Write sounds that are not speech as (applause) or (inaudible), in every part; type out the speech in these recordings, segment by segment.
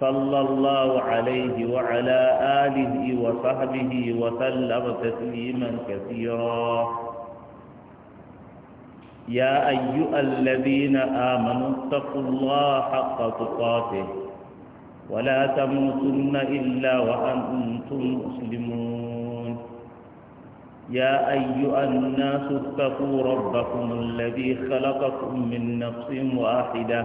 صلى الله عليه وعلى آله وصحبه وسلم تسليما كثيرا يا أيها الذين آمنوا اتقوا الله حق تقاته ولا تموتن إلا وأنتم مسلمون يا أيها الناس اتقوا ربكم الذي خلقكم من نفس واحدة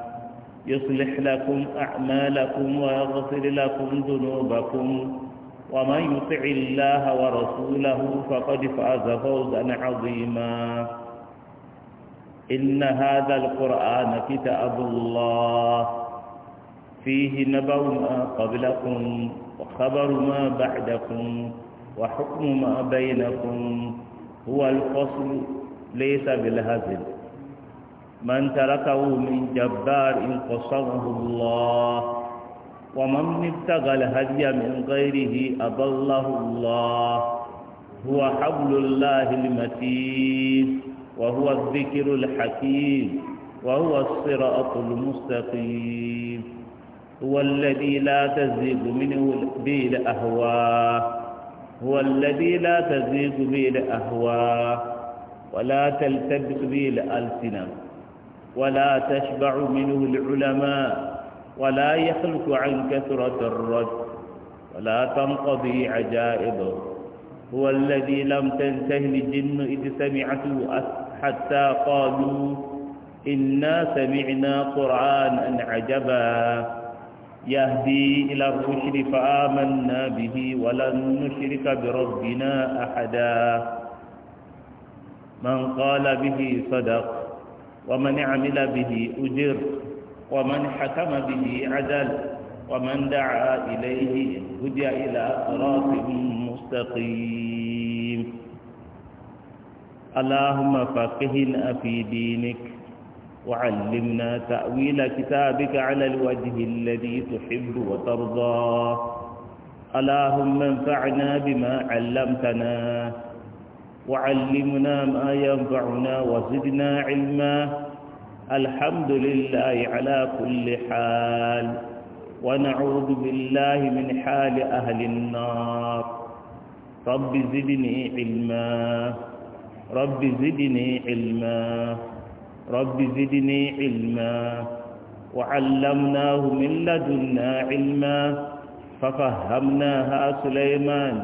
يصلح لكم أعمالكم ويغفر لكم ذنوبكم ومن يطع الله ورسوله فقد فاز فوزا عظيما إن هذا القرآن كتاب الله فيه نبأ ما قبلكم وخبر ما بعدكم وحكم ما بينكم هو الفصل ليس بالهزل من تركه من جبار قصره الله ومن ابتغى الهدي من غيره أضله الله هو حبل الله المتين وهو الذكر الحكيم وهو الصراط المستقيم هو الذي لا تزيد منه به الأهواء هو الذي لا تزيد به الأهواء ولا تلتبس به الألسنة ولا تشبع منه العلماء ولا يخلف عن كثرة الرد ولا تنقضي عجائبه هو الذي لم تنتهي الجن إذ سمعته حتى قالوا إنا سمعنا قرآنا عجبا يهدي إلى الرشد فآمنا به ولن نشرك بربنا أحدا من قال به صدق ومن عمل به أجر ومن حكم به عدل ومن دعا إليه هدي إلى صراط مستقيم اللهم فقهنا في دينك وعلمنا تأويل كتابك على الوجه الذي تحب وترضى اللهم انفعنا بما علمتنا وعلمنا ما ينفعنا وزدنا علما الحمد لله على كل حال ونعوذ بالله من حال أهل النار رب زدني علما رب زدني علما رب زدني علما وعلمناه من لدنا علما ففهمناها سليمان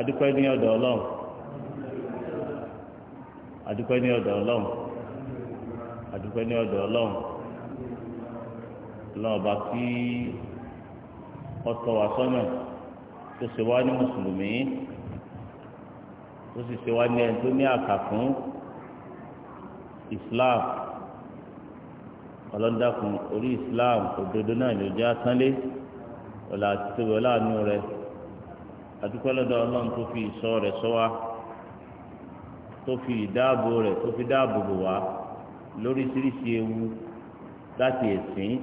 adúpẹ́ ní ọ̀dọ̀ ọlọ́run adúpẹ́ ní ọ̀dọ̀ ọlọ́run adúpẹ́ ní ọ̀dọ̀ ọlọ́run lọ́ọ̀bá ọtọ̀ wà sọ́nà tó ṣe wá ní mùsùlùmí tó sì ṣe ní ẹni ní Islam ọlọ́dàkùn orí Islam òdodo náà ló jẹ́ ọla ọ̀là àti tòwé ọláàánú àdúpẹ́ lọ́dọ̀ ọlọ́run tó fi ìsọ rẹ̀ sọ wá tó fi ìdáàbò rẹ̀ tó fi dáàbò bò wá lóríṣiríṣi ewu láti ẹ̀sìn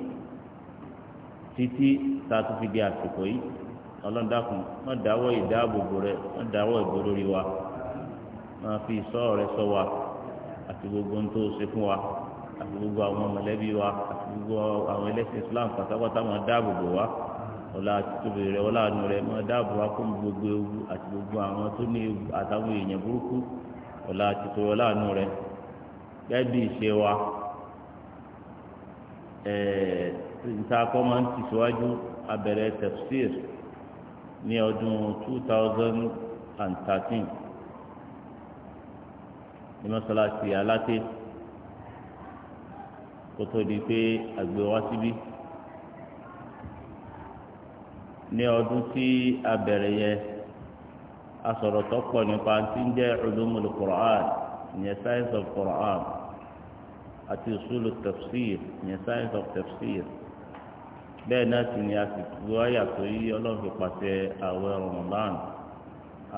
títí tá a tún fi di àsìkò yìí ọlọ́run dákun má dáwọ́ ìdáàbò bò rẹ̀ má dáwọ́ ìbò lórí wa máa fi ìsọ rẹ̀ sọ wá àti gbogbo ohun tó ṣe fún wa àti gbogbo àwọn mọ̀lẹ́bí wa àti gbogbo àwọn ẹlẹ́sìn Islam pátápátá máa dáàbò bò wá ọlá títóbi rẹ ọlá àánú rẹ máa dáàbò wá fún gbogbo ewu àti gbogbo àwọn tó ní ewu àtàwọn èèyàn burúkú ọlá títóbi ọlá àánú rẹ gẹ́gẹ́ bí ìṣe wa ẹ̀ẹ́ nta kọ́ máa ń tẹ̀síwájú abẹ̀rẹ̀ tafsir ní ọdún two thousand and thirteen ní mọ́sálásí aláté kótó di pé àgbẹ̀ wá síbí. Si ní ọdún tí a bẹ̀rẹ̀ yẹ a sọ̀rọ̀ tó pọ̀ nípa tí ń jẹ́ ulumul Qur'an ìyẹn science of Qur'an àti usulu tafsir ìyẹn science of tafsir bẹ́ẹ̀ náà sì ni a sì gbọ́ àyà tó yí ọlọ́run fi pàṣẹ àwẹ̀ Ramadan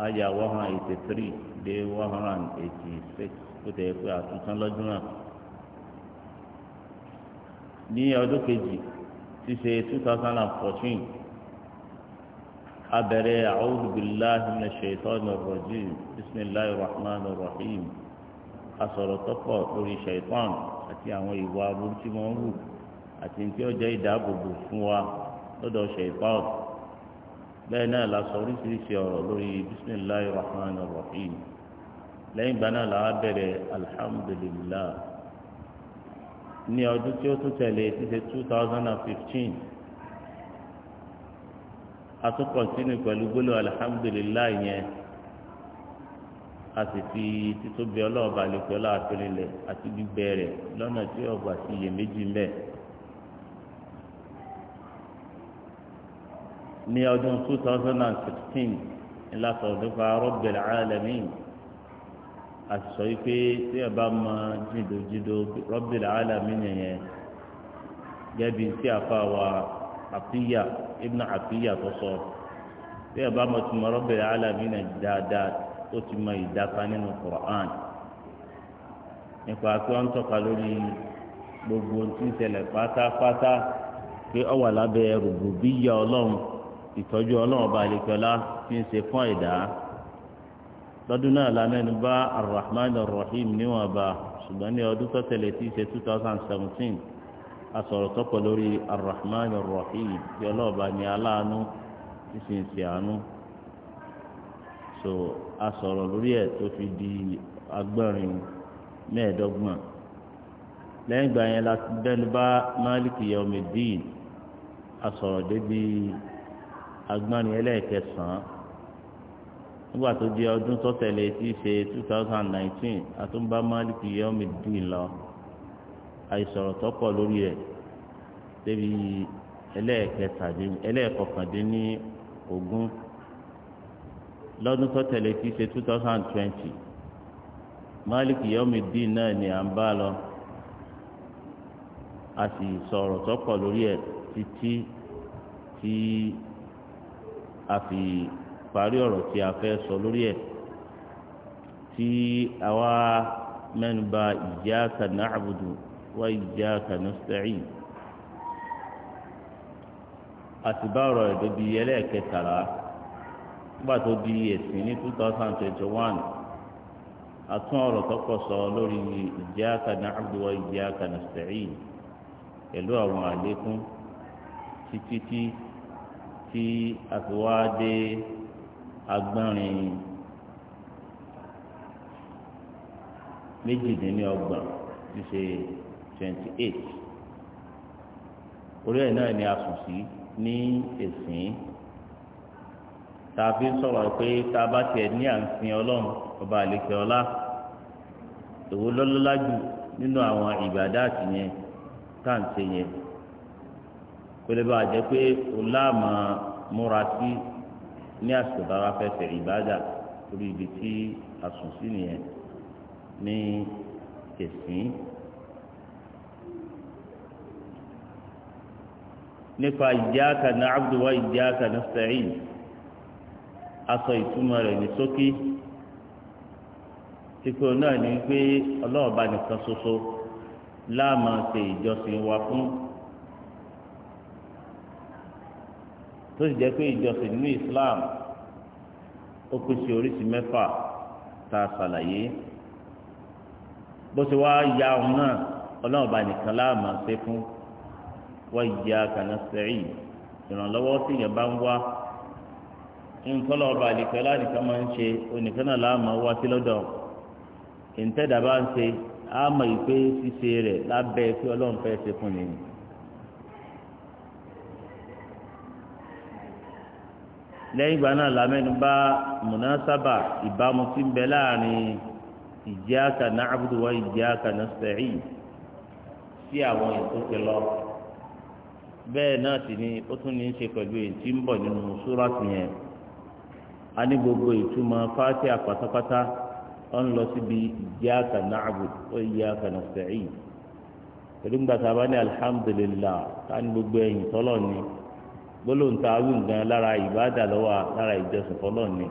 àyà one hundred eighty three dé one hundred eighty six kó tẹ̀ pé àtúntàn lọ́dún náà ní ọdún kejì ti ṣe two thousand and fourteen abẹ̀rẹ̀ a'udhu billahi minash shaitanir rajim bismillahir rahmanir rahim asọ̀rọ̀ tọ́pọ̀ lórí ṣẹ̀tọ́n àti àwọn ìwà aburú tí wọ́n ń hù àti ní tí ó jẹ́ ìdáàbòbò fún wa lọ́dọ̀ ṣẹ̀tọ́n bẹ́ẹ̀ náà la sọ oríṣiríṣi ọ̀rọ̀ lórí bismillahir rahmanir rahim lẹ́yìn ìgbà náà la wá bẹ̀rẹ̀ alhamdulillah ní ọdún tí ó tún tẹ̀lé ti ṣe two thousand and fifteen atúkọ̀ sínú pẹ̀lú gbólóhùn alihamudulilayi yẹn a sì fi títóbi ọlọ́ọ̀bà lẹ́kọ̀ọ́ láàfin lẹ̀ àti gbígbẹ rẹ̀ lọ́nà tí ọ̀gbà sí iyèméjì ń bẹ. ní ọdún 2016 ìlàsọ̀ nípa Rabbil Alamin àṣìṣọ yìí pé tí ẹ bá mọ jìndòjìndò Rabbil Alamin yẹn gẹ́bí tí a fà wá àfíyà ibn àfíyà tó sọ bí ẹ bá mọ tí mo rọbẹ alábí náà dáadáa ó ti mọ ìdáka nínú Qur'an nípa pé wọn tọ́ka lórí gbogbo tí ń ṣẹlẹ̀ pátápátá pé ọ wà lábẹ́ rububiyya Ọlọ́run ìtọ́jú Ọlọ́run ọba àlekọlá tí ń ṣe fún ẹ̀dá lọ́dún náà la bá arrahman arrahim níwọ̀n ba ṣùgbọ́n ní ọdún tó tí í ṣe two thousand seventeen asọ̀rọ̀ tọ́pọ̀ lórí arrahman arrahim tí ọlọ́ọ̀bá ni aláàánú sísìnsì àánú so asọ̀rọ̀ lórí ẹ̀ tó fi di agbọ́nrin mẹ́ẹ̀ẹ́dọ́gbọ̀n lẹ́yìn ìgbà yẹn la bẹ́nu bá máàlìkì yawmiddin asọ̀rọ̀ débi agbọ́nrin ẹlẹ́ẹ̀kẹsàn-án nígbà tó di ọdún tó tí í ṣe 2019 àtúnbá máàlìkì yawmiddin lọ àìsọ̀rọ̀ tọ́pọ̀ lórí rẹ̀ débi ẹlẹ́ẹ̀kọkàndínní ogún lọ́dún tó tẹ̀lé tí í ṣe two thousand twenty máàlìkì yọ́mìdín náà ni à ń bá lọ a sì sọ̀rọ̀ tọ́pọ̀ lórí ẹ̀ títí tí a fi parí ọ̀rọ̀ tí a fẹ́ sọ lórí ẹ̀ tí àwa mẹ́nu bà iyyaka na'budu وإياك نستعين àtìbá ọ̀rọ̀ ẹ̀dọ́ di ẹlẹ́ẹ̀kẹtàlá nígbà tó di ẹ̀sìn ní two thousand twenty one àtún ọ̀rọ̀ tọ́pọ̀ sọ lórí iyyaka na'budu wa iyyaka nasta'in pẹ̀lú àwọn àlékún títí tí tí àfiwádé agbọ́nrin méjìdínlọ́gbọ̀n ti ṣe 28. eight orí ẹ̀ náà ni a sùn sí ní èsìn tá a fi ń sọ̀rọ̀ pé tá a bá tiẹ̀ ní à ń sin ọlọ́run ọba àlekè ọlá èwo lọ́lọ́lá jù nínú àwọn ìbàdá àtìyẹn tá à ń ṣe yẹn pélébà jẹ́ pé ọláàmà múra sí ní àsìkò tára fẹsẹ̀ ìbàdà orí ibi tí a sùn sí nìyẹn ní èsìn. nípa iyyaka na'budu wa iyyaka nasta'in aṣọ ìtumọ̀ rẹ̀ ní sókí ìpè náà ní pé ọlọ́ọ̀ba nìkan ṣoṣo láàmú ṣe ìjọsìn wa fún tó sì jẹ́ pé ìjọsìn nínú Islam ó pín sí oríṣi mẹ́fà tá ṣàlàyé bó ṣe wá ya òun náà ọlọ́ọ̀ba nìkan láàmú ṣe fún wa iyyaka nasta'in ìrànlọ́wọ́ tí yẹn bá ń wá ntọ́lọ́ ọba àlìkẹ́ láàrínkà máa ń ṣe oníkan náà láàmú wá sí lọ́dọ̀ ìǹtẹ́dà bá ń ṣe àmọ́ ìpè ṣíṣe rẹ̀ lábẹ́ pé ọlọ́run fẹ́ ṣe fún nìyí. lẹ́yìn ìgbà náà lámẹ́nu bá mùnásábà ìbámu tí ń bẹ láàrin iyyaka na'budu wa iyyaka nasta'in sí àwọn ètò ti lọ. bẹ́ẹ̀ náà sì ni ó tún ní í ṣe pẹ̀lú èyí tí ń bọ̀ nínú súrọ́ọ̀tì yẹn a ní gbogbo ìtumọ̀ fáti àpátápátá ó ń lọ síbi iyyaka na'budu wa iyyaka nasta'in pẹ̀lú gbàtà bá ní alhamdulillah ká ní gbogbo ẹ̀yìn tọ́lọ̀ ni gbólóhùn tá a lára ìbáàdà lọ́wọ́ lára ìjọsìn fọlọ́ ni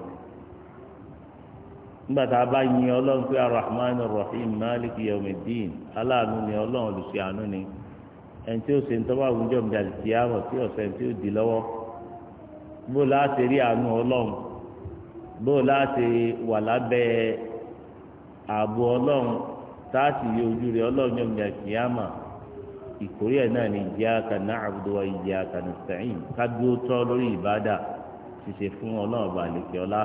nígbàtà bá yin ọlọ́run pé arahman rahim aláàánú ni ọlọ́run ẹni tí ó ṣe ń tọ́wọ́ mi àti tí ọ̀sẹ̀ tí ó di lọ́wọ́ bó láti rí àánú ọlọ́run bó láti wà lábẹ́ ààbò ọlọ́run táàtì ojú rẹ ọlọ́run yóò mi àti àmà ìkórè ẹ̀ náà ní iyyaka na'budu wa kájú tọ́ lórí ìbádà ṣiṣẹ́ fún ọlọ́run ọba àlèkè ọlá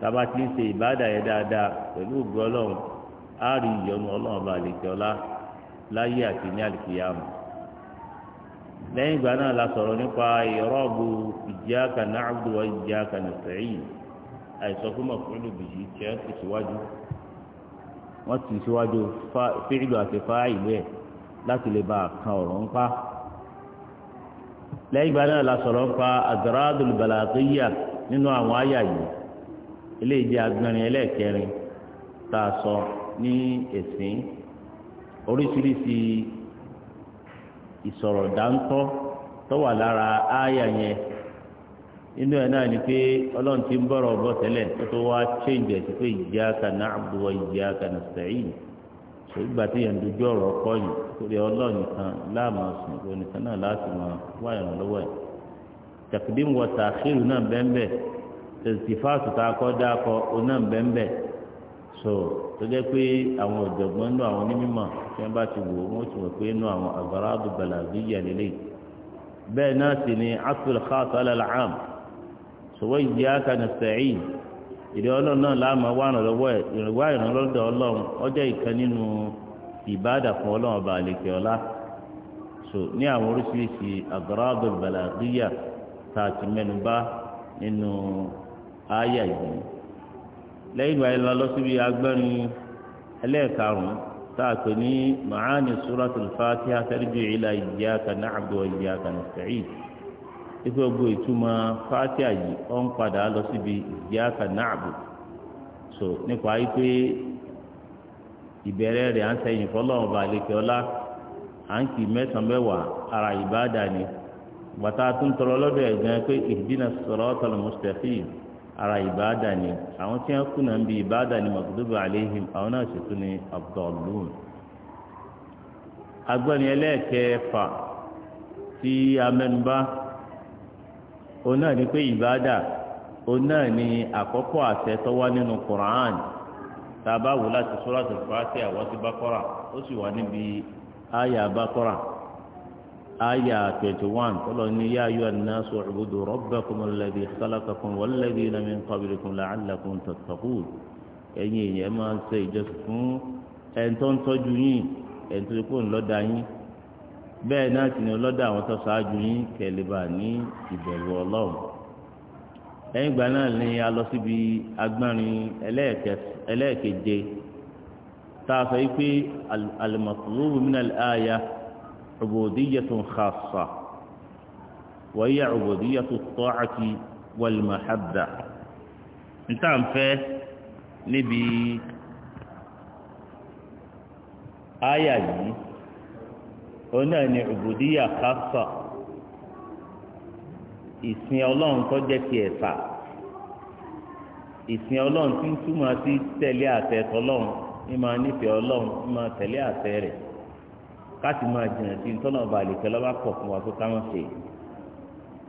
tába ń ṣe ìbádà yẹn láyé àti ní àlìkìyàmù lẹ́yìn ìgbà náà la sọ̀rọ̀ nípa ìrọ́bù iyyaka na'budu wa iyyaka nasta'in àìsàn fún mọ̀kúrúdù bìyí tí wọ́n ti síwájú wọ́n ti síwájú fíìlù àti fáìlù ẹ̀ láti lè bá a kan ọ̀rọ̀ ń pa lẹ́yìn ìgbà náà la sọ̀rọ̀ ń pa ad nínú àwọn àyà yìí eléyìí jẹ́ agbẹ́rin ẹlẹ́ẹ̀kẹrin tá a sọ ní ẹ̀sìn oríṣiríṣi ìsọ̀rọ̀ dáńtọ́ tó wà lára ááyà yẹn inú ẹ̀ náà ni pé ọlọ́run ti ń bọ̀rọ̀ bọ̀ tẹ́lẹ̀ tó tó wá ẹ̀ pé wa iyyaka nasta'in ṣe ìgbà tí yẹn dojú ọ̀rọ̀ ọkọ yìí torí ọlọ́run nìkan láàmú sùn ìgbà nìkan náà láti mọ wá ìrànlọ́wọ́ ẹ̀ náà bẹ́ẹ̀ bẹ́ẹ̀ tá a kọ́ kọ́ ọ náà bẹ́ẹ̀ bẹ́ẹ̀ so tó jẹ́ pé àwọn ọ̀jọ̀gbọ́n nínú àwọn onímọ̀ tí wọ́n bá ti wò wọ́n ti wọ̀ pé nínú àwọn àgbàrá àdùbàlà àbíyà lélẹ̀ bẹ́ẹ̀ náà sì ni asul khas alalam sọ̀wọ́ ìdí aka ní sẹ́yìn ìdí ọlọ́run náà láàmú wà lọ́wọ́ ẹ̀ ìrìnwá ìrànlọ́dọ̀ ọlọ́run ọjọ́ ìkan nínú ìbáàdà fún ọlọ́run ọba àlèkè ọlá so ní àwọn oríṣiríṣi àgbàrá àdùbàlà àbíyà tá a ti nínú ááyà yìí lẹ́yìn ìgbà yẹn lọ síbi agbẹ́rin ẹlẹ́ẹ̀karùn-ún tá a ní ma'ani suratul fatiha tarji ila iyyaka na'budu wa iyyaka nasta'in ife gbogbo ìtumọ̀ fatiha yìí ó ń padà lọ síbi so nípa yìí pé ìbẹ̀rẹ̀ rẹ̀ à ń sẹ́yìn fọlọ́run bá lè ọlá à ń kì í mẹ́sàn-án ara ìbáàdà ni bàtà tó ń tọrọ lọ́dọ̀ ara ibada ni àwọn tí wọ́n kùnà ń bi ibada ni maghdubi alayhim àwọn náà ṣètò ní abdulhun agbọ́ni ẹlẹ́ẹ̀kẹfà tí amẹ́nubá òun náà ni pé ibada òun náà ni àkọ́kọ́ àṣẹ tó wà nínú Qur'an tá a bá wò láti Suratul Fatiha àwọn ti Baqara ó sì wà níbi aya twenty one tọ́lọ̀ ní yá ayọ́ an-nasu u'budu rabbakum alladhi khalaqakum walladhina min qablikum la'allakum tattaqun ẹ̀yin èèyàn máa ń ṣe ìjọsìn fún ẹni tó ń tọ́jú yín ẹni tó kó ń lọ́dà yín bẹ́ẹ̀ náà sì ni ọlọ́dà àwọn tó ṣáájú yín kẹlẹ́bà ní ìbẹ̀rù ọlọ́run lẹ́yìn ìgbà náà عبودية خاصة وهي عبودية الطاعة والمحبة انت عم فيه نبي آية دي هنا عبودية خاصة ìsìn ọlọ́run tó jẹ́ ti ẹ̀fà ìsìn ọlọ́run tí ń túmọ̀ sí tẹ̀lé àtẹ̀ tọlọ́run ní máa nífẹ̀ẹ́ ọlọ́run ní máa tẹ̀lé àtẹ̀ rẹ̀ káti máa jìnnà sí ntọ́nà ọba àlèkẹ́ lọ́ba pọ̀ fún wa pé ká má ṣe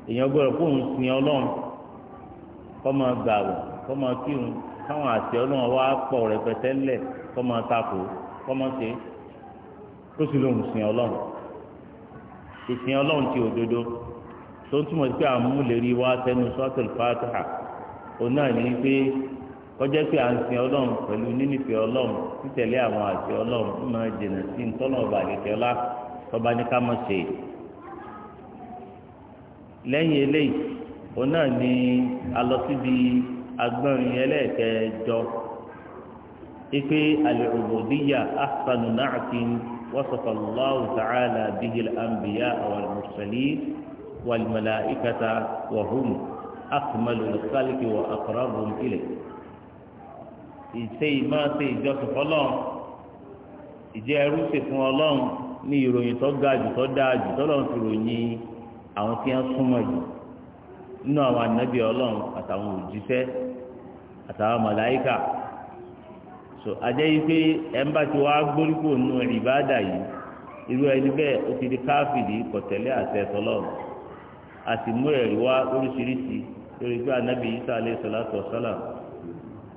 èèyàn gbọ́dọ̀ kó òun sin ọlọ́run kọ́ máa gbà wọ̀ kọ́ máa kírun káwọn àti ọlọ́run wá pọ̀ rẹpẹtẹ lẹ̀ kọ́ máa takò kọ́ máa ṣe tó sì lóun sin ọlọ́run ìsìn ọlọ́run ti òdodo tó ń túmọ̀ sí pé àmúlérí wa tẹnu sọ́tẹ̀lì fàtàhà òun náà ní pé kọjá pé à ń sin ọlọ́run pẹ̀lú nínífẹ̀ẹ́ ọlọ́run títẹ̀lé àwọn àti ọlọ́run tó máa jìnnà sí ntọ́nà ọba àkẹ́kẹ́ ọlá tọ́ba ní ká mọ̀ ṣe. lẹ́yìn eléyìí òun náà ni a lọ síbi agbọ́nrin ẹlẹ́ẹ̀kẹjọ ipe al-ubudiyya ahsanu na'tin wasafa ta'ala bihi anbiya wal-mursalin wal-mala'ikata wa hum akmalu wa aqrabuhum ilayh. ìṣe ìmọ̀ ìjọsìn fọlọ́run ìjẹ́ ẹrú ṣe fún ọlọ́run ní ìròyìn tó ga jù tó dáa jù tọ́lọ́run ti ròyìn àwọn tí wọ́n súnmọ́ nínú àwọn ọlọ́run àtàwọn òjíṣẹ́ àtàwọn so ajẹ́ yìí pé ẹ̀ ń bá ti wá gbórí kò ìbáàdà yìí irú ẹni bẹ́ẹ̀ ó ti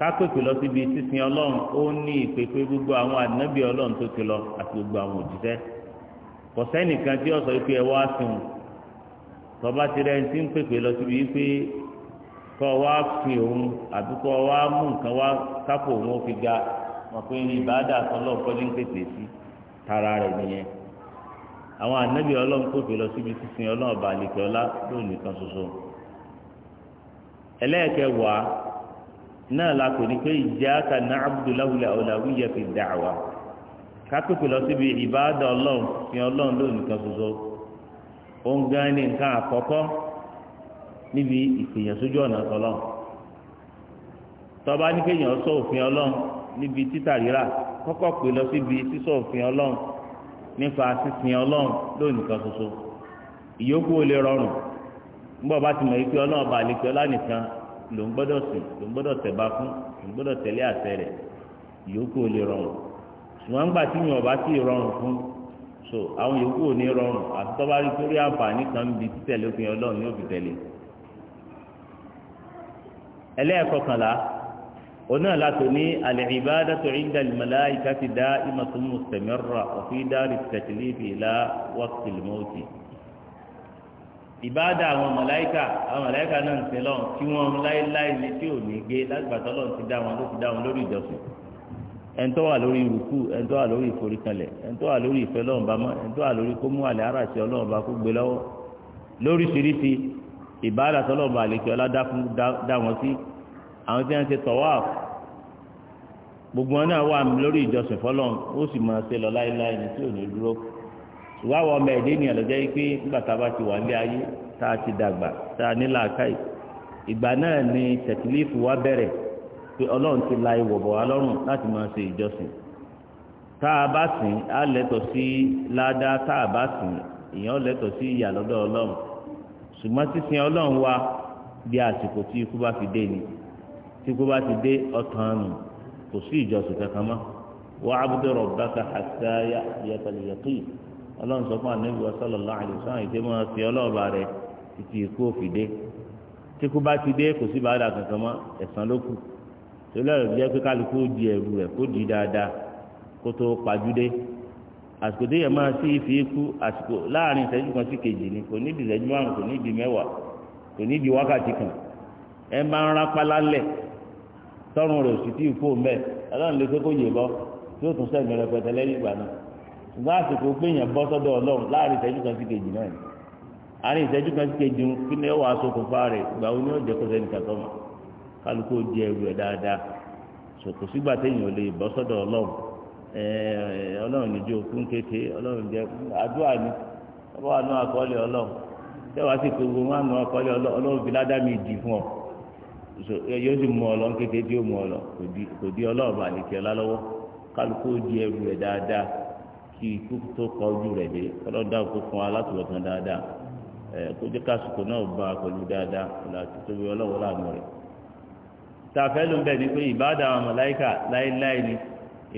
kápẹ́pẹ́ lọ síbi sísìn ọlọ́run ó ní ìpèpè gbogbo àwọn ànábì ọlọ́run tó ti lọ àti gbogbo àwọn òjíṣẹ́ kò sẹ́nìkan tí ọ̀sọ̀ ìpè wá sùn tọ́ba ti ń tí ń pèpè lọ síbi pé kọ́ wá fi òun àbí kọ́ wá mú nǹkan wá kápò òun ó fi ga wọn pé ìbáàdà kan pèpè sí tara rẹ̀ nìyẹn náà la kò ní pé iyyaka na'budu lahu al fi lọ síbi fi ọlọ́run ṣoṣo òun gan ni nǹkan àkọ́kọ́ níbi ìpèyànsójú ọ̀nà ọlọ́run tọ́ba ní kéèyàn sọ òfin ọlọ́run níbi títà kọ́kọ́ pè lọ síbi sísọ òfin ọlọ́run nípa sísìn ọlọ́run lóun nìkan ṣoṣo ìyókù ò lè rọrùn nígbà bá ti mọ̀ ọlọ́run bá lè ọlá ló ń gbọ́dọ̀ sìn ló ń gbọ́dọ̀ tẹ̀bá fún ló ń gbọ́dọ̀ tẹ̀lé àṣẹ rẹ̀ ìyókù ò lè rọrùn ṣùgbọ́n ńgbà tí yìnyín ọba sì rọrùn fún so àwọn ìyókù ò ní rọrùn àti tọ́ba rí torí àǹfààní kan ń bi títẹ̀lé òfin ọlọ́run yóò fi tẹ̀lé ẹlẹ́ẹ̀kọkànlá onáà látò ní al-ibadatu inda al-malaikati da'imatu mustamirra wa fi dari at-taklifi ila waqti al-mawti ìbáàdà àwọn mọ̀láìkà àwọn mọ̀láìkà náà ń sin lọ́wọ́ tí wọ́n láéláé ní tí ò ní gé lágbàtọ́ lọ́wọ́ ti dá wọn ló ti dá wọn lórí ìjọsìn ẹni tó wà lórí ìrùkù ẹni tó wà lórí ìforíkanlẹ̀ ẹni tó wà lórí ìfẹ́ lọ́wọ́ bá mọ́ ẹni tó wà lórí kó mú àlẹ́ aráàṣẹ ọlọ́wọ́ bá kó gbé lọ́wọ́ lóríṣiríṣi ìbáàdà tọ́lọ́wọ́ bá àlejò ọlá dá wọn sí àwọn tí wọ́n ti tọ̀wá gbogbo wọn náà wà lórí ìjọsìn fọlọ́n ó sì máa ṣe lọ láéláé ní tí ò ṣùgbọ́n àwọn ọmọ ẹ̀dẹ́ ènìyàn lọ́jọ́ yìí pé bá ti wà ayé a ti dàgbà tá a nílà káì ìgbà ni tẹ̀kílífù wa bere pé ọlọ́run ti la ìwọ̀ lati ma láti máa ṣe ìjọsìn tá a bá sìn á lẹ́tọ̀ sí ládàá tá a bá sìn èèyàn sí wa bí àsìkò tí ikú bá ni tí ikú bá ti dé nù kò sí ìjọsìn kankan ọlọ́run sọ fún ànábì wa sallallahu alaihi wasallam ìdè máa fi ọlọ́ọ̀bà rẹ títí ikú òfin dé tí kú bá ti dé kò sí bàdà kankan mọ́ ẹ̀san ló kù torí ẹ̀rọ jẹ́ pé kálukú di ẹ̀rù rẹ̀ kó di dáadáa kó tó pajúdé àsìkò tó yẹ máa sí ìfi ikú àsìkò láàrin ìṣẹ́jú kan sí kejì ni kò ní di márùn kò ní di mẹ́wàá kò ní di wákàtí kan ẹ máa ń rápálá lẹ̀ tọrùn rẹ̀ òsì tí ì fò mẹ́ ọlọ́run lè fẹ́ kó yè bọ́ tí ó tún sẹ́mi rẹpẹtẹ lẹ́yìn ìgbà náà ṣùgbọ́n àsìkò péyàn bọ́ sọ́dọ̀ ọlọ́run láàrin ìṣẹ́jú kan sí kejì náà ni àárín ìṣẹ́jú kan sí kejì ń kí ni ó wàá ṣokùnfà rẹ̀ ìgbà wo ni ó jẹ́ kó sẹ́ni kàtọ́ mọ̀ kálukú ó di ẹrù ẹ̀ dáadáa ṣòkò sígbà téèyàn ò lè bọ́ sọ́dọ̀ ọlọ́run ọlọ́run kété ọlọ́run jẹ́ ni ọba wà nù ọlọ́run sì wọn nù kí ikú tó kọ ojú rẹ̀ dé ọlọ́dà kó fún wa láti dáadáa ẹ̀ kó jẹ́ kásìkò náà bá pẹ̀lú dáadáa láti tóbi ọlọ́wọ́ rẹ̀. ló ń bẹ̀ ni pé ibada àwọn màláíkà láéláé ni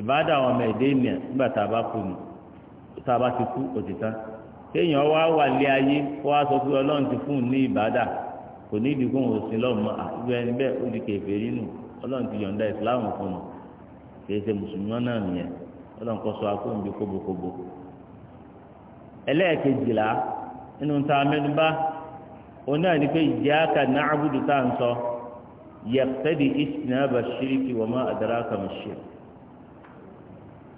ibada àwọn ọmọ ẹ̀dẹ́ ènìyàn nígbà tá a bá kú ni tá a bá ti kú òtí tán kéèyàn wá wà lé ayé kó wá sọ pé ọlọ́run ti fún un ní kò ní ọlọ́nkọ́ sọ akóńbi kóbókóbó ẹlẹ́ẹ̀kejìlá nínú ta mẹ́nubà oní àná pé iyyaka na'budu tá à ń sọ yaqtadi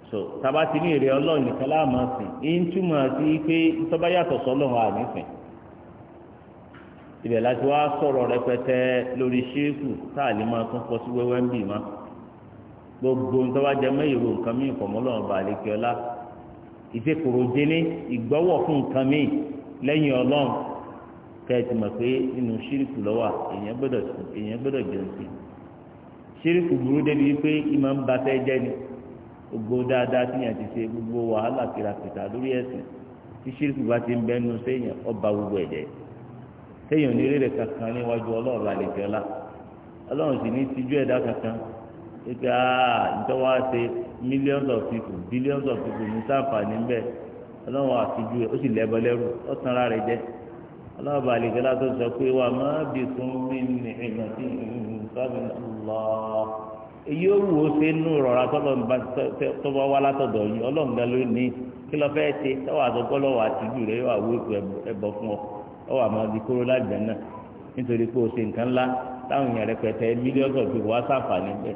so tabati ní èrè ọlọ́run nìkan láàmú sìn ń túmọ̀ sí pé ntọ́ba yàtọ̀ sọ́lọ́run ànífẹ̀ẹ́ ibẹ̀ láti wá sọ̀rọ̀ rẹpẹtẹ lórí ṣéèkù tá a lè máa tún kọ sí wẹ́wẹ́ ń bì máa. gbogbo ntọ́wájẹ mẹ́yìrò nǹkan mí ìfọ̀mọ́lọ́run bàálẹ́kẹ́ ọlá ìfẹ́kòròjẹ́lé ìgbọ́wọ̀ fún nǹkan mí lẹ́yìn ọlọ́run kẹ́ẹ̀tì mọ̀ pé nínú ṣírìkù lọ́wà èèyàn gbọ́dọ̀ èèyàn gbọ́dọ̀ jẹun sí ṣírìkù burú débi wípé ìmọ̀ ń ba fẹ́ jẹ́ ni gbogbo dáadáa tí ti ṣe gbogbo wàhálà kìràkìtà lórí ẹ̀sìn tí ṣírìkù bá ti ń séèyàn ọba gbogbo ẹ̀jẹ̀ séèyàn kankan níwájú ọlọ́run àlejò ọlá ọlọ́run sì ní tijú ẹ̀dá kankan ike aa ah, ntọ́wọ́ ṣe millions of people billions of people ní sáǹfààní ń bẹ ọlọ́run àfijú ẹ̀ ó sì lẹ́bọ lẹ́rù ó tan ara rẹ̀ jẹ́ ọlọ́run bá lè gbẹ́lá tó sọ pé wà má bí fún mi ní ìmọ̀ sí nǹkan lọ. èyí ó wù ó ṣe nú rọra tọ́lọ́ wá látọ̀dọ̀ yìí ọlọ́run gan ló ní kí lọ́ fẹ́ ṣe tọ́wọ́ àtọ́gbọ́lọ́wọ́ àtijú rẹ̀ yóò àwọ̀ ètò ẹ̀bọ̀ fún ọ ọwọ́ àmọ́ di kóró lágbẹ̀ẹ́ náà nítorí pé o ṣe nǹkan ńlá táwọn èèyàn rẹpẹtẹ mílíọ̀nù ọ̀gbìn wá sáfà níbẹ̀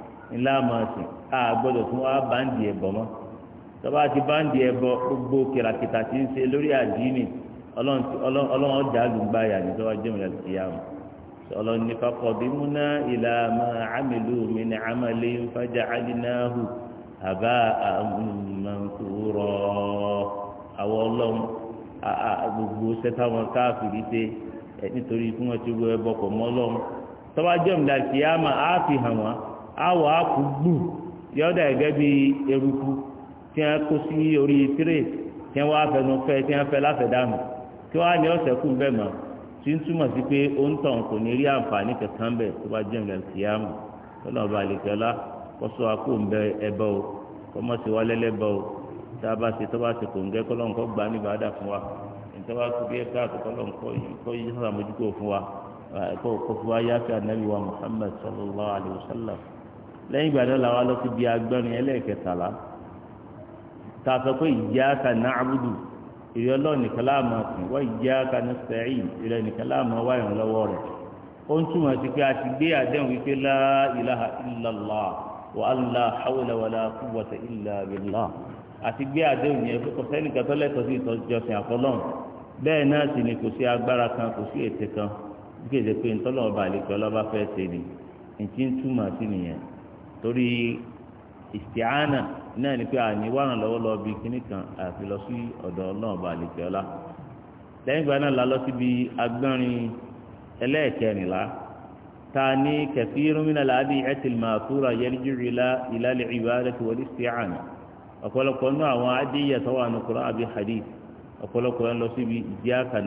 ńlá máa sìn á gbọ́dọ̀ fún wa báńdì mọ́ tọba ti báńdì ẹbọ gbogbo kìràkìtà ti ń ṣe lórí àdínì ọlọ́run ọjà lùgbàyà ní tọ́wọ́ jẹ́ òun láti yá wọn ọlọ́run ní fakọ̀bí múná ìlà máa àmìlú mi ní àmàlẹ́ ìfajà àdínáhù àbá àmúmọ̀kúrọ̀ àwọn ọlọ́run gbogbo sẹ́tàwọn káàkiri ṣe nítorí fún wọn ti wọ ẹbọ pọ̀ mọ́ ọlọ́run àwọ̀ àpò gbù yọ̀ọ́dà gẹ́gẹ́ bí eruku tí wọ́n kó sí orí tírè tí wọ́n wá fẹnu fẹ́ tí wọ́n fẹ́ láfẹ̀dánù kí wọ́n á ní ọ̀sẹ̀ kù bẹ́ẹ̀ mọ́ tí ń túmọ̀ sí pé ó ń tàn kò ní rí àǹfààní kankan bẹ̀ tó bá jẹ́ ìrìn àkìyàmù lọ́nà àlèkẹ́lá kọ́sọ́ akó ń bẹ ẹbọ o kọ́mọ́ sí wá lẹ́lẹ́bọ o tá a bá ṣe tó bá ṣe kò ń gẹ́ kọ́lọ́n kọ́ gbà níbà dà fún wa níta bá kú bí ẹ káàtó kọ́lọ́n kọ́ yíyá sàmójúkò fún wa kó fún wa yá sí wa Muhammad sallallahu alayhi wa sallam lẹ́yìn ìgbà náà làwọn lọ sí di agbọ́nrin ẹlẹ́ẹ̀kẹtàlá tá a sọ pé iyyaka na'budu ìrẹ́ ọlọ́ọ̀nìkan láàmú ọ̀sìn wọ́n iyyaka nasta'in ìrẹ́ nìkan láàmú ọwọ́ ìrànlọ́wọ́ rẹ̀ ó ń túmọ̀ sí pé a ti gbé àdéhùn wípé la ilaha illallah wa an la hawla wa illa billah àti gbé àdéhùn yẹn kò sẹ́ni kẹtọ́ lẹ́tọ̀ọ́ sí ìtọ́jọsìn àfọlọ́n bẹ́ẹ̀ náà sì ni kò sí agbára kan kò sí ète kan bí kèsè pé ntọ́lọ́ọ̀bà àlekọ́ lọ́ba fẹ́ ṣe ntí ń túmọ̀ sí nìyẹn torí ìsìáánà náà ni pé àní wàràn lọ́wọ́ lọ bí kíní kan àfi lọ sí ọ̀dọ̀ náà bá lè tẹ́ ọlá lẹ́yìn ìgbà náà la lọ síbi agbọ́nrin ẹlẹ́ẹ̀kẹrìnlá ta ní kathiirun min al-adi'ati al-ma'thura yarji'u ila al-'ibadati wal-isti'aana ọ̀pọ̀lọpọ̀ nú àwọn adéyà tó wà ní àbí hadith ọ̀pọ̀lọpọ̀ ń lọ síbi iyyaka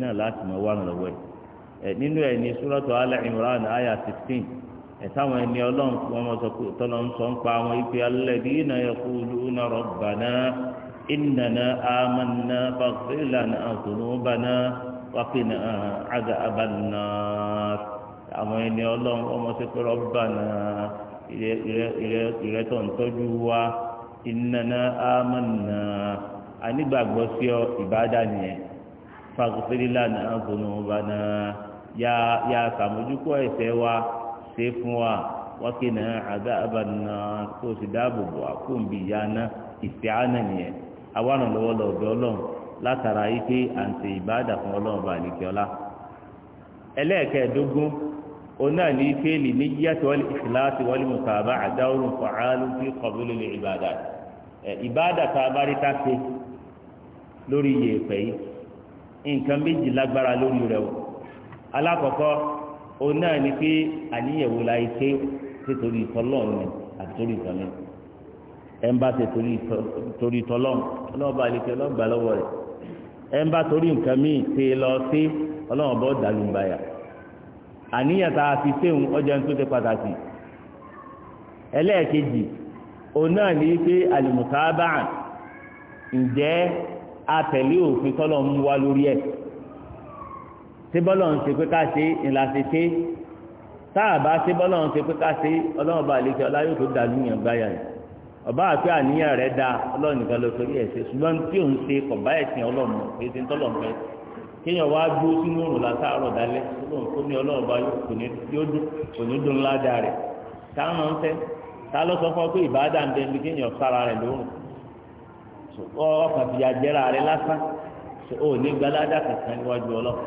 náà láti mọ̀ Eh, nínú ẹ̀ ní súrọ́tò alẹ́ imran aya sixteen ẹ̀sáwọn ẹni ọlọ́run wọn tọ́lọ́ ń sọ ń pa àwọn ipe alladhina yaquluna rabbana innana amanna faghfir lana dhunubana wa qina adhaban nar àwọn ẹni ọlọ́run wọn mọ na pé rabbana ìrẹ́tọ̀ ń tọ́jú wa sí ọ ìbádà nìyẹn ya ya sàmójúkọ ẹ̀ṣẹ̀ wa ṣe fún wa wákìnà àdáàbànà kó o sì dáàbò bò àkóǹbì ìyá náà ìfẹ́ àánà nìyẹn àwọn ọ̀lọ́wọ́ lọ́dọ̀ ọlọ́run látara yìí pé à ń ṣe ìbáàdà fún ọlọ́run bá àlèkè ọlá ẹlẹ́ẹ̀kẹ́ẹ̀dógún oná ní fẹ́ẹ̀lì ní yíyàtọ̀ wọlé ìfìláàtì wọlé mùsàbá àdáwòrán fàálù fi kọ̀bílù lè ìbàdà ìbáàdà tá a bá rí ká ṣe lórí iye ìpẹ́ yìí nǹkan méjì lágbára lórí rẹ̀ o alákọ̀ọ́kọ́ òun náà ni pé àníyẹ̀wò la ṣe ṣe torí ni àti torí ìtọ́lẹ́ ẹ̀ tori torí ìtọ́lọ́run ọlọ́ọ̀bá àlekẹ́ lọ sí ọlọ́run bọ́ àníyàn tá a fi séhun ọjà tó pàtàkì ẹlẹ́ẹ̀kejì òun náà ní wá lórí ṣé bọ́lọ̀ ń ṣe pé ká ṣe ìlà ṣe ṣe táàbá ṣé bọ́lọ̀ ń ṣe pé ká ṣe ọlọ́run bá lè ṣe ọlá yóò tó dàlú yàn gbáyà rẹ̀ ọba àti àníyàn rẹ̀ dáa ọlọ́run nìkan ló torí ẹ̀ ṣe ṣùgbọ́n tí òun ṣe kọ̀bá ẹ̀sìn ọlọ́run èsì tọ́lọ̀mẹ́ kéèyàn wá dúró sínú òrùn látàárọ̀ dalẹ́ tó ní ọlọ́run bá kò ní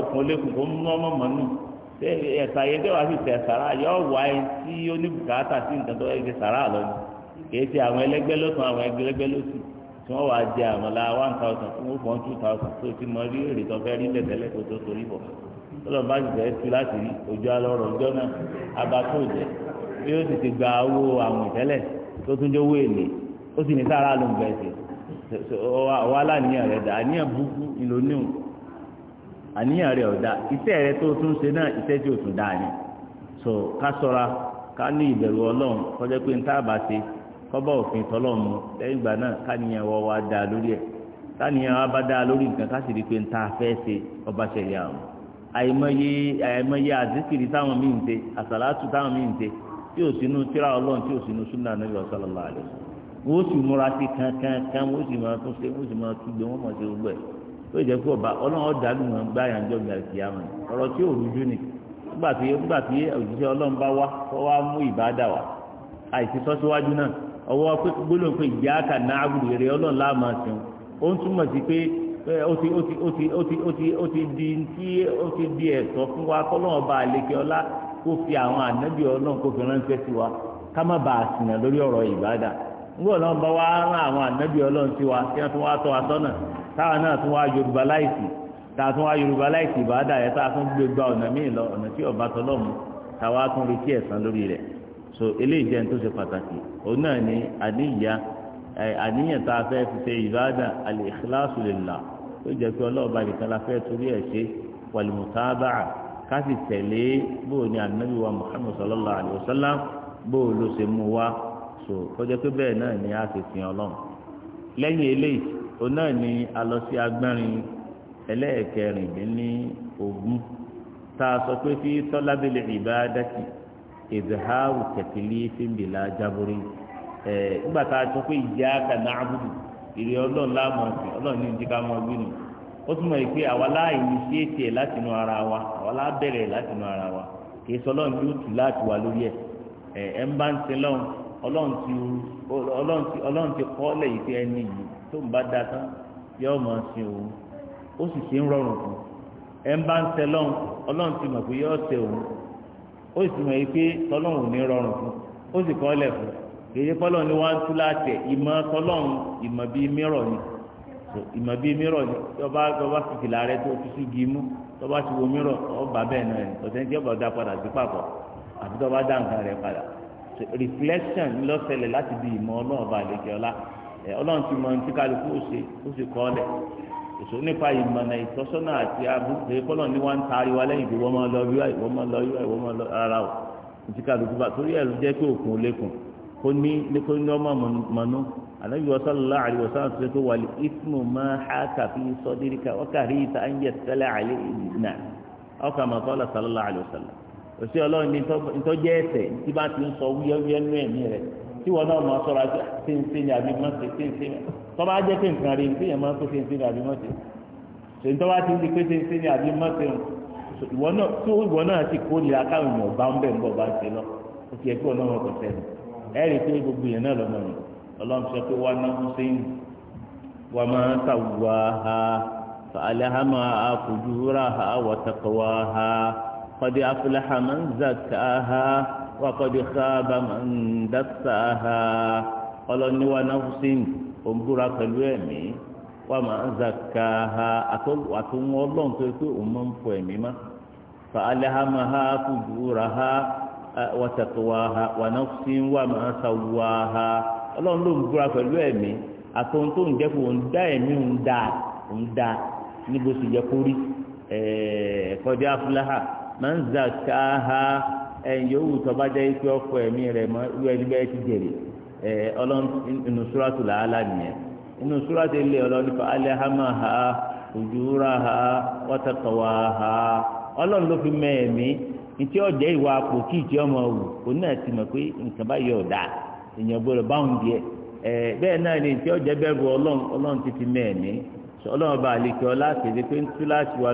ọkùnrin lẹ́kùn kó ń mọ́ mọ́mọ́ nù ẹ̀sà yẹn tẹ́wàá sì tẹ̀ sàrà yọ wá ẹ tí ó ní bùkátà sí nǹkan tó ẹgbẹ́ sàrà lọ ni kìí ti àwọn ẹlẹ́gbẹ́ lọ́sàn àwọn ẹgbẹ́ lọ́sì tí wọ́n wàá jẹ àwọn la one thousand fún one two thousand tó ti mọ rí èrè tó fẹ́ rí lẹ́tẹ̀lẹ́ tó tó torí bọ̀ lọ́dọ̀ bá ti fẹ́ tu láti rí ojú alọ́rọ̀ ọjọ́ náà abató jẹ bí ó sì ti gba owó àwọn ìtẹ́lẹ̀ tó tún jówó èlé ó sì ní sàrà lóun bẹ̀ẹ̀ sí ọwọ́ aláníyàn rẹ̀ dà àníyàn búkú ìlónìí àníyàn rẹ̀ ọ̀dà iṣẹ́ rẹ̀ tó tún ṣe náà iṣẹ́ tí tún so ká ṣọ́ra ká ní ìbẹ̀rù ọlọ́run kọjá pé a bá ṣe kọ́bọ̀ òfin tọ́lọ́run lẹ́yìn ìgbà náà káníyàn wọ́ wá dáa lórí ẹ̀ káníyàn wá bá dáa lórí nǹkan ká sì rí pé fẹ́ ṣe ọba ṣẹlẹ̀ àwọn àìmọye àìmọye àzíkiri táwọn míì ń ṣe àsàlátù táwọn míì ń ṣe ó jẹ́ kó ọba ọlọ́run dàlú wọn gbá yànjọ́ gbàgbé àmọ́ ọ̀rọ̀ tí rújú ni nígbà tí nígbà tí òjíṣẹ́ ọlọ́run bá wá tó wá mú ìbáadà wá àìsí sọ́síwájú náà ọwọ́ gbólóhùn pé ìyá àkà náà àgùdù èrè ọlọ́run láàmú ó ń túmọ̀ sí pé ó ti di fún wa àlekè ọlá kó fi àwọn ànábì ọlọ́run kó fi táwa náà tún wá yorùbá láìsí táwa tún wá yorùbá láìsí ìbáàdà yẹn táwa tún gbé gba ọ̀nà míì lọ ọ̀nà tí ọba tọlọ́mù táwa tún retí ẹ̀san lórí rẹ̀ so eléyìí jẹ́ tó ṣe pàtàkì òun náà ni àníyá àníyàn tá a fẹ́ fi ṣe ìbáàdà al-ikhlasu lillah ó jẹ́ pé ọlọ́ọ̀ba nìkan la fẹ́ torí ẹ̀ ṣe wal-mutaba'a káfí tẹ̀lé bóò ni anabi wa muhammad sallallahu alayhi wa sallam bóò ló ṣe mú wa so kọjá pé bẹ́ẹ̀ náà ni a ṣe fi hàn lọ́n lẹ́yìn eléyìí o náà ni a lọ sí agbẹ́rin ẹlẹ́ẹ̀kẹrìndínní ogún tá a sọ pé fi tọ́lábìlì ìbádàtì ìdìháàrù kẹtìlí fíńbìlà jábórí ẹ̀ nígbà tá a sọ pé ìjà kàná ó túmọ̀ yìí pé àwa láàyè ní sí ètè ara wa àwa lábẹ̀rẹ̀ látinú ara wa kì í sọ ọlọ́run yóò tù láti wà lórí ń bá ń sin tó ń bá da tán yóò mọ̀ sin òun ó sì ṣe rọrùn fún ẹ̀ ń bá ń tẹ ọlọ́run ti mọ̀ pé yóò tẹ òun ó sì mọ̀ yìí pé tọ́lọ́hùn ní rọrùn fún ó sì kọ́ lẹ̀ fún kọ́lọ́hùn ni wọ́n á tú ìmọ̀ tọ́lọ́hùn ìmọ̀ bíi mírọ̀ ni ìmọ̀ bíi mírọ̀ ni tó fi sí gímú wo mírọ̀ ọba bẹ́ẹ̀ náà ni ọba padà sí àti dá nǹkan rẹ padà reflection lọ́sẹ̀lẹ̀ láti ọlọ́run ti mọ ní tí kálukú ó ṣe ó sì kọ́ ọ́lẹ̀ èso nípa ìmọ̀nà ìtọ́sọ́nà àti abúlé kọ́lọ̀ ní wọ́n ń taari wa lẹ́yìn ìgbé wọ́n máa lọ wíwá ìwọ́n máa lọ wíwá ìwọ́n máa lọ rárá o ní tí kálukú bá torí ẹ̀ ló jẹ́ pé òkun lékun kó ní kó ní ọmọ mọ̀nú ànábi wọ́sálọ́lá àríwọ̀sán ti tó wà ìfúnù máa há kàfi sọ́dírìkà ọkàrí ìta ń yẹ tẹ́lẹ̀ àlẹ́ ìdìnnà ọkà màtọ́lá sálọ́lá àríwọ̀sálá òsì ọlọ́run ní tọ́jẹ́ ẹ̀sẹ̀ tí bá ti ń sọ wíyọ́wíyọ́ nú ẹ̀mí rẹ̀ tí wọn náà máa sọ̀rọ̀ àti ah, ṣéǹṣé ni àbí má ṣe ṣéǹṣé ni tó jẹ́ pé nǹkan rí ṣéǹṣé máa ń pé ṣéǹṣé ni àbí má ṣe ṣèǹ tó bá ti ń di pé ṣéǹṣé ni àbí má ṣe ìwọ náà tó ìwọ náà ti kó nira káwọn èèyàn bá ń bẹ̀ ń bọ̀ bá ń ṣe lọ ó ti yẹ kí wà máa ń tàwùwà ha waqad khaba man dassaha ọlọ́niwa nafsin òǹbúra pẹ̀lú ẹ̀mí wa ma zakkaha àtúnwọ́ ọlọ́run tó yẹ pé òun máa ń fọ ẹ̀mí má fa alhamaha fujuraha wa taqwaha wa nafsin wa ma sawwaha ọlọ́run ló ń búra pẹ̀lú ẹ̀mí àtọ́n tó ń jẹ́ kó ń dá ẹ̀mí ń dá ń dá níbo sì ẹ̀yìn yòówù tó bá jẹ́ ikú ọkọ ẹ̀mí rẹ̀ mọ́ irú ẹni bẹ́ẹ̀ ti jèrè ẹ̀ ọlọ́run inú làálà nìyẹn inú súrátù ilé ọlọ́run fa ha ujuraha wataqwaha ọlọ́run ló fi mẹ́ ẹ̀mí ntí ọjà ìwà àpò kí ìtì ọmọ wù òun náà ti mọ̀ pé nǹkan bá yọ ọ̀dà gbọ́dọ̀ báwọn ẹ̀ bẹ́ẹ̀ náà ni ntí ti ọba àlekè ọlá pé wà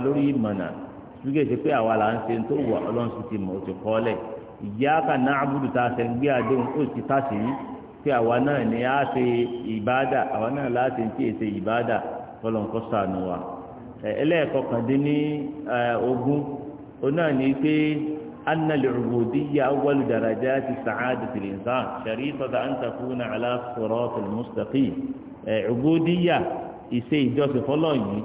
nígbà tí pé àwa là ń ṣe tó wà ọlọ́run sì ti mọ̀ ó ti kọ́ lẹ̀ iyyaka na'budu tá a ṣe gbé àdéhùn ó ti tá sí pé àwa náà ni a ṣe ìbáàdà àwa náà láti ń tí èsè ìbáàdà fọlọ́nkọ́ sànù wa ẹlẹ́ẹ̀kọkàndínní ogún oná ní pé أن العبودية أول درجات سعادة الإنسان شريطة أن تكون على الصراط المستقيم عبودية ìṣe ìjọsìn fọlọ́yìn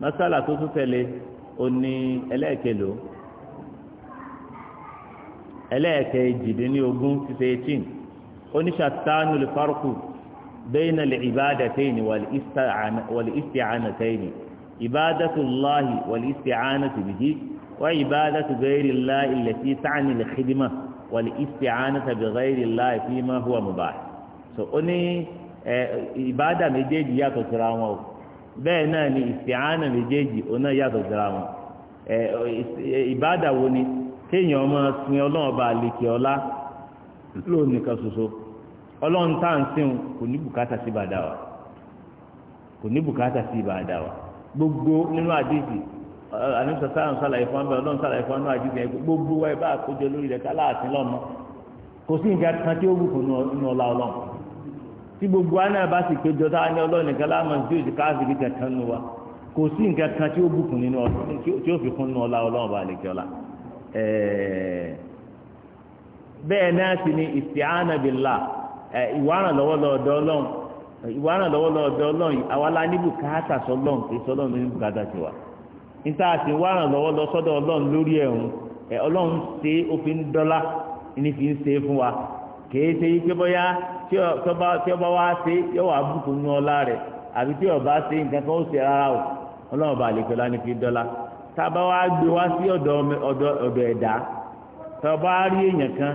masala tó tún tẹ̀lé oní ẹlẹ́ẹ̀kẹlò ẹlẹ́ẹ̀kẹjìdínlógún ti ṣe eighteen oníṣàtánù lè fárúkù bẹ́ẹ̀nà lè ìbádàtẹ́yìn wàlì ìsìtìánàtẹ́yìn ìbádàtù láàhì wàlì ìsìtìánàtì bìhí wà ìbádàtù gẹ́rì láàhì lẹ́tí tààni lè xidìmà wàlì ìsìtìánàtà gẹ́rì láàhì fíìmà huwa mubah so oní eh, ìbádà méjèèjì yàtọ̀ bẹ́ẹ̀ náà ni ìsìáánà méjèèjì òun náà yàtọ̀ síra wọn ìbáàdà wo ni kéèyàn ọmọ sin ọlọ́run ọba àlèkè ọlá lóun nìkan ṣoṣo ọlọ́run tá à ń sìn kò ní bùkátà sí ìbàdà wa kò ní bùkátà sí ìbàdà wa gbogbo nínú àdìsí àníṣe sáà ń sàlàyé fún abẹ ọlọ́run sàlàyé fún abẹ àdìsí yẹn gbogbo wa ẹ bá àkójọ lórí rẹ ká láàfin lọ́mọ kò sí nǹkan kan tí ó wù fún un ọlá ọlọ́run tí gbogbo àná bá sì péjọ tá a ní ọlọ́run nìkan tí yóò ti káàkiri kankan nu wa kò sí nǹkan kan tí ó bùkún nínú ọlọ́run tí ó fi kún nínú ọlá ọlọ́run bá bẹ́ẹ̀ náà sì ni isti'ana billah ìwárànlọ́wọ́ lọ́dọ̀ ọlọ́run ìwárànlọ́wọ́ lọ́dọ̀ ọlọ́run àwálá níbù káàtà sọlọ́run kì í sọlọ́run níbù káàtà sí wa níta àti ìwárànlọ́wọ́ lọ sọ́dọ̀ ọlọ́run lórí ẹ̀hún ọlọ́run ṣe ó fi ń ní fi kèé ṣe yí pé bóyá tí ọba wá ṣe yóò wá bùkún ní ọlá rẹ̀ àbí tí ọba ṣe nǹkan kan ó ṣe rárá o ọlọ́run bá lè pẹ̀lú ànífi dọ́là tábà wá gbé wá sí ọ̀dọ̀ ẹ̀dá tọba rí èèyàn kan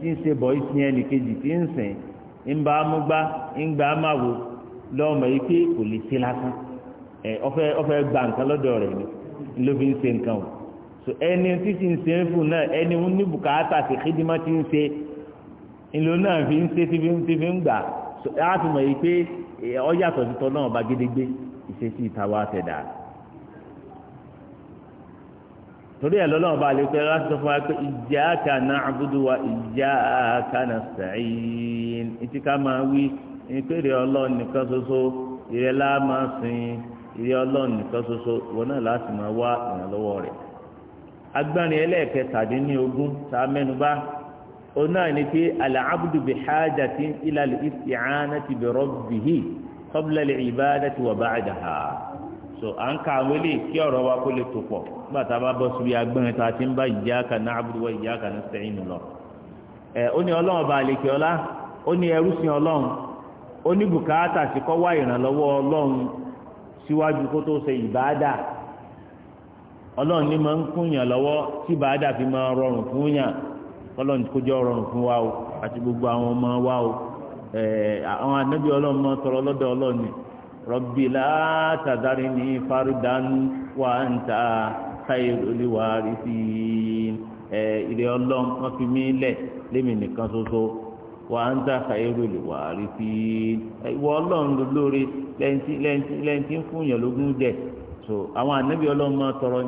tí ń ṣe bọ̀ ìsìn ẹnìkejì tí ń sìn ń bá mú gbá ń gbá má wo lọ́mọ yìí pé kò lè ṣe lásán ẹ ọfẹ́ ọfẹ́ gba nǹkan lọ́dọ̀ rẹ̀ ni ló fi ń ṣe nǹkan o so ẹni tí ti ń ṣe ń fún náà ẹni ń sí kídímọ́ tí ń ṣe ìlú náà fi ń ṣe ti fi ń fi ń gbà á fi mọ̀ yìí pé ọ̀yàtọ̀ títọ́ náà bá gédégbé ìṣesí ìtawà tẹ̀dá torí ẹ̀ lọ́lọ́run bá lè pẹ́ láti sọ fún wa pé iyyaka na'budu wa iyyaka nasta'in etí ká máa wí ìpèrè ọlọ́run nìkan ṣoṣo máa ìrẹ́ ọlọ́run nìkan ṣoṣo wọn náà láti máa wá ìrànlọ́wọ́ ogún tá a òun náà ni pé bi ti ila ti bi rabbihi qabla al-ibadati wa ha so à ń ka àwọn kí ọ̀rọ̀ wa kó lè tó pọ̀ nígbà tá a bá síbi ti ń bá iyyaka na'budu wa iyyaka nasta'in lọ. ẹ ó ní ọlọ́run bá àlekè ọlá ó ní ẹrú sin ọlọ́run ó ní bùkátà sí kọ́ wá síwájú kó tó ṣe kọ́lọ́n kójọ́ ọ̀rọ̀rùn fún wa o gbogbo àwọn ọmọ wa o àwọn anábì ọlọ́run máa tọrọ lọ́dọ̀ ọlọ́run ni rọ́bì látàdárí ní fárúdánù wà ń ta káyọ̀lì wà rí sí ọlọ́run wọ́n fi mí lẹ̀ lémi nìkan ṣoṣo wà ń ta káyọ̀lì wà rí sí ìwọ ọlọ́run lórí tọrọ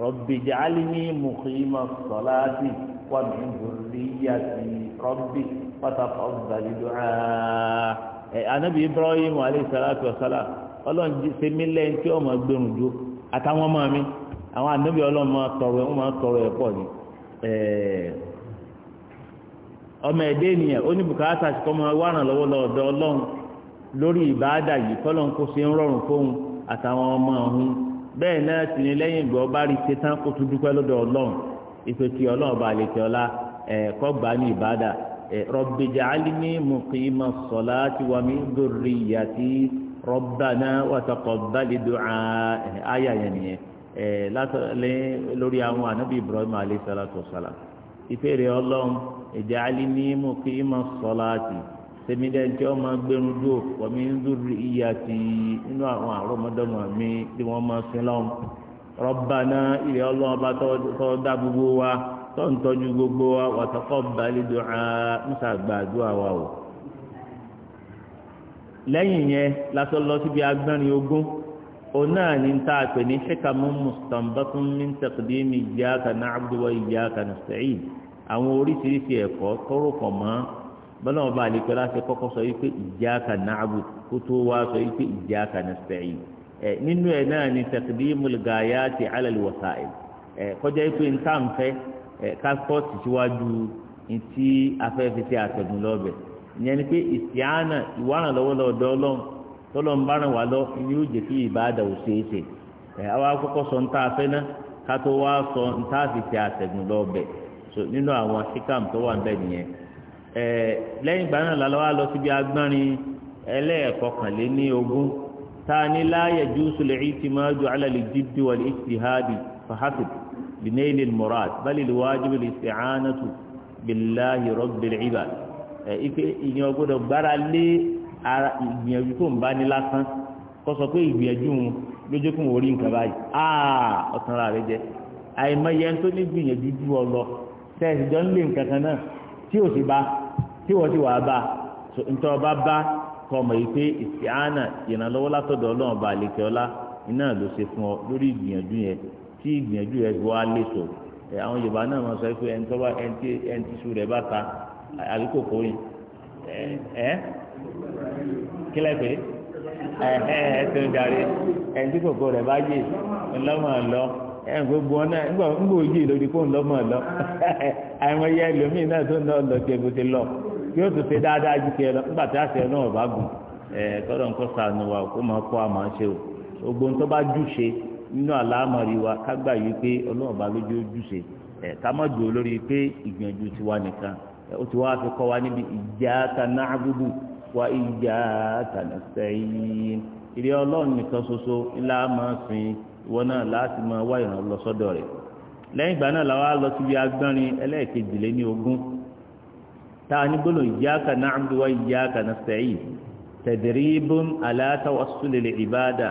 رب اجعلني مقيم الصلاة ومن ذريتي ربي وتقبل دعاء anabi ibrahim alayhi salatu wa salam ọlọ́run jí sẹmi lẹ́yìn tí ọmọ gbẹrun jó àtàwọn ọma mi àwọn anabi ọlọ́run máa tọrọ ọmọ ẹdẹ ó ní wà ràn lórí yìí ṣe ń rọrùn fóun àtàwọn ọmọ bẹ́ẹ̀ náà sì ni lẹ́yìn ìgbà ọba rí ṣetán kó tún dúpẹ́ lọ́dọ̀ ọlọ́run ìpè kí ọlọ́run ọba àlèkè ọlá ẹ̀ kọ́ gbà ní ìbàdà ẹ̀ rabbi ja'alni muqima ssalati wa min dhurriyyati rabbana wa taqabbal du'a ẹ̀ áyà yẹn nìyẹn ẹ̀ látọ̀lẹ́ lórí àwọn ànábì Ibrahim alayhi salatu wa salam ìpèrè ọlọ́run ja'alni muqima ssalati tèmi dẹ́ ntẹ́ ọmọ gbẹ́nu dò wọ́mi ń dúró iye àti inú àwọn àrọ́mọdọ́mọ mi tí wọ́n máa sin lọ́wọ́ Rabbana ilẹ̀ ọlọ́wọ́ bá tọ́ da gbogbo wa tọ́ ń tọ́jú gbogbo wa wa taqabbal du'a musa gbàdúrà wa o. lẹ́yìn yẹn lásán lọ síbi agbẹ́rin ogún òun náà ní ta àpè ní hikamun mustanbatun min taqdimi iyyaka na'budu wa iyyaka nasta'in àwọn oríṣiríṣi ẹ̀kọ́ tọ́rọ̀ pọ̀ mọ́ bọ́lá ọba àlejò láti kọ́kọ́ sọ wípé ijiaka na'budu kó tó wá sọ wípé iyyaka nasta'in ẹ nínú ẹ náà ni taqdimul ghayati 'ala al-wasa'il ẹ kọjá wípé n tá n ẹ káfọ́ọ̀tì síwájú ntí afẹ́fẹ́ àtẹ̀gùn lọ́bẹ̀ ìyẹn ni pé ìwárà lọ́wọ́lọ́dọ́ lọ ni yóò jẹ́ kí ẹ kọ́kọ́ sọ afẹ́ ká tó wá sọ àtẹ̀gùn lẹ́yìn ìgbà náà lálọ́wọ́ lọ síbi agbọ́nrin ẹlẹ́ẹ̀kọkànléní ogún tá a ní láàyè júùsù lèyí ti máa ju alàlè jíjí wà lè ti ha di fahasib bìnẹ́ẹ̀lì mọ́ràd bali lè wájú lè ṣe àánàtù bìláhi rọ́bìlì ìbà ife ìyẹn ọgbọ́dọ̀ gbára lé ìgbìyànjú tó ń bá ní lásán kó sọ pé ìgbìyànjú wọn lójókùn orí nǹkan báyìí aa ọ̀tanra rẹ jẹ àìmọye ẹni tó ní gbìyànjú ju ọ lọ tẹ̀síjọ́ ń lé nǹkan kan náà tí ò sì bá tí wọ́n ti wà bá ntọ́ ọba bá kọ́ ọmọ yìí pé ìsìáánà ìrànlọ́wọ́ látọ̀dọ̀ ọlọ́run àlekè ọlá iná ló ṣe fún ọ lórí ìgbìyànjú yẹn tí ìgbìyànjú yẹn wọ́n á lè sọ ẹ àwọn yorùbá náà wọ́n sọ pé ẹni tó bá ẹni tí ẹni tí su rẹ̀ bá ta yìí ẹ kílẹ̀ pé ẹ ẹ ẹ ń darí ẹni tí kòkó rẹ̀ bá yé ńlọ́mọ̀ lọ (laughs) yóò tún ṣe dáadáa ju tiẹ̀ lọ nígbà tí àṣẹ náà ọba gùn ẹ kọ́dọ̀ nǹkan sànù wa kó máa kọ́ ṣe o ogbon tó bá ṣe nínú àlámọ̀rí wa ká gbà yí pé ẹ ká má pé ìgbìyànjú tiwa nìkan ti wá fi kọ́ wa níbi wa ìrẹ́ ọlọ́run nìkan ṣoṣo ńlá máa sìn ìwọ náà láti máa wá ìrànlọ́sọ́dọ̀ rẹ̀ lẹ́yìn lọ síbi agbọ́nrin ẹlẹ́ẹ̀kejì lé ní ogún tá a ní gbọ́dọ̀ iyyaka na'budu wa iyyaka nasta'in tadribun ala tawassulil ibada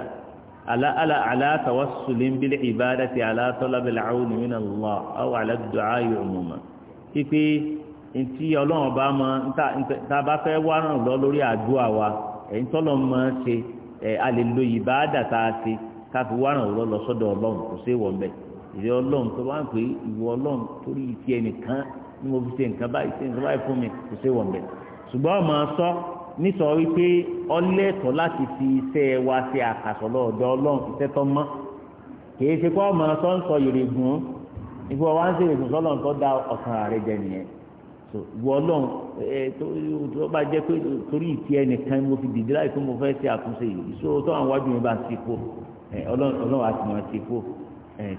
ala ala ala tawassulin bil ibadati ala talabil auni min Allah aw ala du'a umuman ipe ntí ọlọ́run bá mọ tá a bá fẹ́ wá ràn lọ lórí àdúrà wa ẹ̀yìn tọ́lọ̀ mọ ṣe ẹ̀ a lè lo ìbáàdà tá ṣe ká fi wá ràn lọ lọ sọ́dọ̀ ọlọ́run kò sí ìwọ̀n bẹ́ẹ̀ ìrẹ́ ọlọ́run tó wá ń pè ìwọ ọlọ́run torí ti ẹnìkan ni mo fi ṣe nǹkan báyìí ṣe nǹkan báyìí fún mi kò ṣe wọ̀n bẹ̀ ṣùgbọ́n ọmọ sọ nítorí wípé ọlẹ́tọ̀ láti fi iṣẹ́ wa ṣe àkàsọ̀ lọ́dọ̀ ọlọ́run iṣẹ́ tó mọ́ kì í ṣe pé ọmọ sọ ń sọ ìrègùn ìfowó wa ń ṣe ìrègùn sọlọ́run tó da ọ̀sán rẹ̀ jẹ nìyẹn ìwọ ọlọ́run ẹ tó bá jẹ́ pé torí ìtì ẹnìkan mo fi dìde láì pé mo fẹ́ ṣe àtúnṣe yìí ìṣòro tó àwọn wájú mi bá ń ṣe kó ọlọ́run àti wọn ṣe kó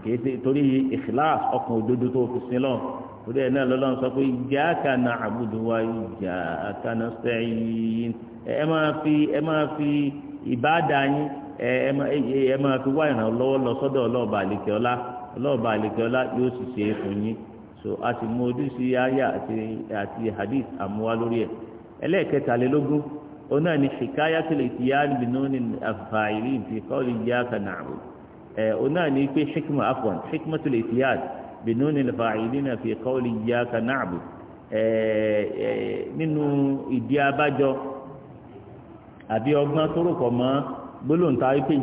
kì í ṣe torí ìkìláàsì ọkàn òdodo tó fi sin lọ́run orí ẹ̀ náà lọ́lọ́run sọ pé iyyaka na'budu wa iyyaka nasta'in ẹ máa fi ẹ máa fi ìbáàdà yín ẹ máa fi wá ìrànlọ́wọ́ lọ sọ́dọ̀ ọlọ́ọ̀bà àlekẹ́ọ́lá ọlọ́ọ̀bà àlekẹ́ọ́lá yóò sì ṣe é fún yín so a ti mú ojúṣe aya àti àti hadith àmúwá lórí ẹ̀ ẹlẹ́ẹ̀kẹtàlélógún òun náà ni ṣìkáyà tó lè ti yá nínú ní àfààní fi qawli iyyaka na'budu ẹ̀ òun náà ni pé hikma afwan hikma tó ti yá àti. bìnúni lìfàìlínà na kọ́ọ̀lì yíyá kanáàbù nínú ìdí abájọ àbí ọgbọ́n tó rò mọ́ gbólóhùn a wípé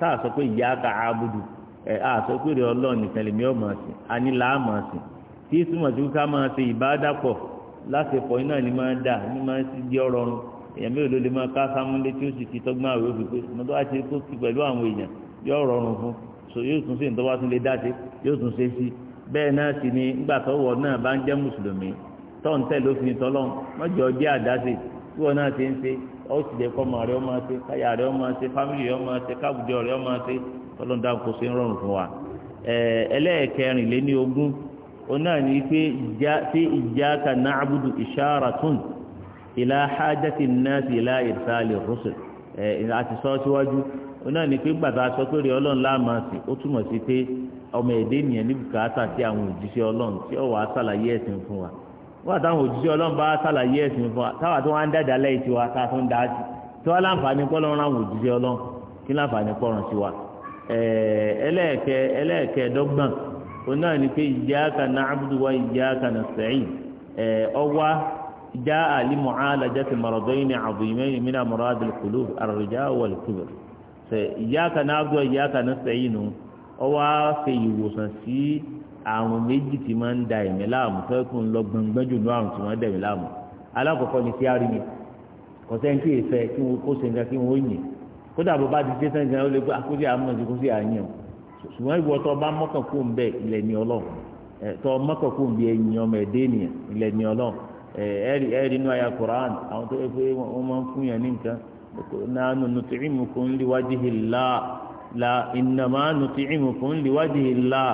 tá a sọ pé ẹ̀ a sọ pé èrè ọlọ́run lèmi a ní láàmọ̀ sí máa ṣe ìbádàpọ̀ lásìkò iná ni máa dà máa ń di èèyàn máa ká sámúlé tí ó sì ti tọ́gbọ́n so yóò tún sí ìtọ́wá tún lè dáṣe yóò tún ṣe sí bẹ́ẹ̀ náà sì ni nígbà tọ́wọ́ náà bá ń jẹ́ mùsùlùmí tọ́ ń tẹ̀ lófin tọ́lọ́n mọ́jọ́ jẹ́ àdáṣe tí náà ti ń ṣe ó sì lè kọ́ ọmọ ọmọ ṣe káyà rẹ̀ ọmọ ṣe fámìlì ọmọ ṣe káwùjọ ọmọ ṣe dá kó ṣe ń rọrùn fún wa. ẹlẹ́ẹ̀kẹrin lé ní ogún náà pé onáà ní pé gbàtà aṣọ pé ọlọ́run láàmà sí ó túmọ̀ sí pé ọmọ èdè nìyẹn ní bùkátà sí àwọn òjíṣẹ́ ọlọ́run tí ọ̀wọ́ aṣàlàyé ẹ̀sìn fún wa wọ́n àtàwọn òjíṣẹ́ ọlọ́run bá ẹ̀sìn fún wa táwa ń dàda lẹ́yìn tiwa tá a tó ń elee sí tí wọ́n láǹfààní pọ́ lọ́run àwọn òjíṣẹ́ ọlọ́run kí láǹfààní sí wa ẹlẹ́ẹ̀kẹ́ ṣe iyyaka na'budu wa iyyaka nasta'in ó wá ṣe ìwòsàn sí àrùn méjì tí máa ń da ẹ̀mí láàmú fẹ́ẹ́kùn lọ gbọ̀ngbọ́n jù ní àrùn tí wọ́n dẹ̀mí láàmú alákọ̀ọ́kọ́ ni kí á rí mi kọ̀sẹ́ ń kí èfẹ́ kí wọ́n kó ṣe nǹkan kí wọ́n yìn kódà bó bá ti dé sẹ́ńtì náà ó lè gbé àkóso àmọ́jú kó sì àyàn ṣùgbọ́n ìwọ tó bá mọ́kàn ń bẹ ilẹ̀ ní ọlọ́run nánú nùtìrìmùkún liwájìhìlá la ìnàmá nùtìrìmùkún liwájìhìlá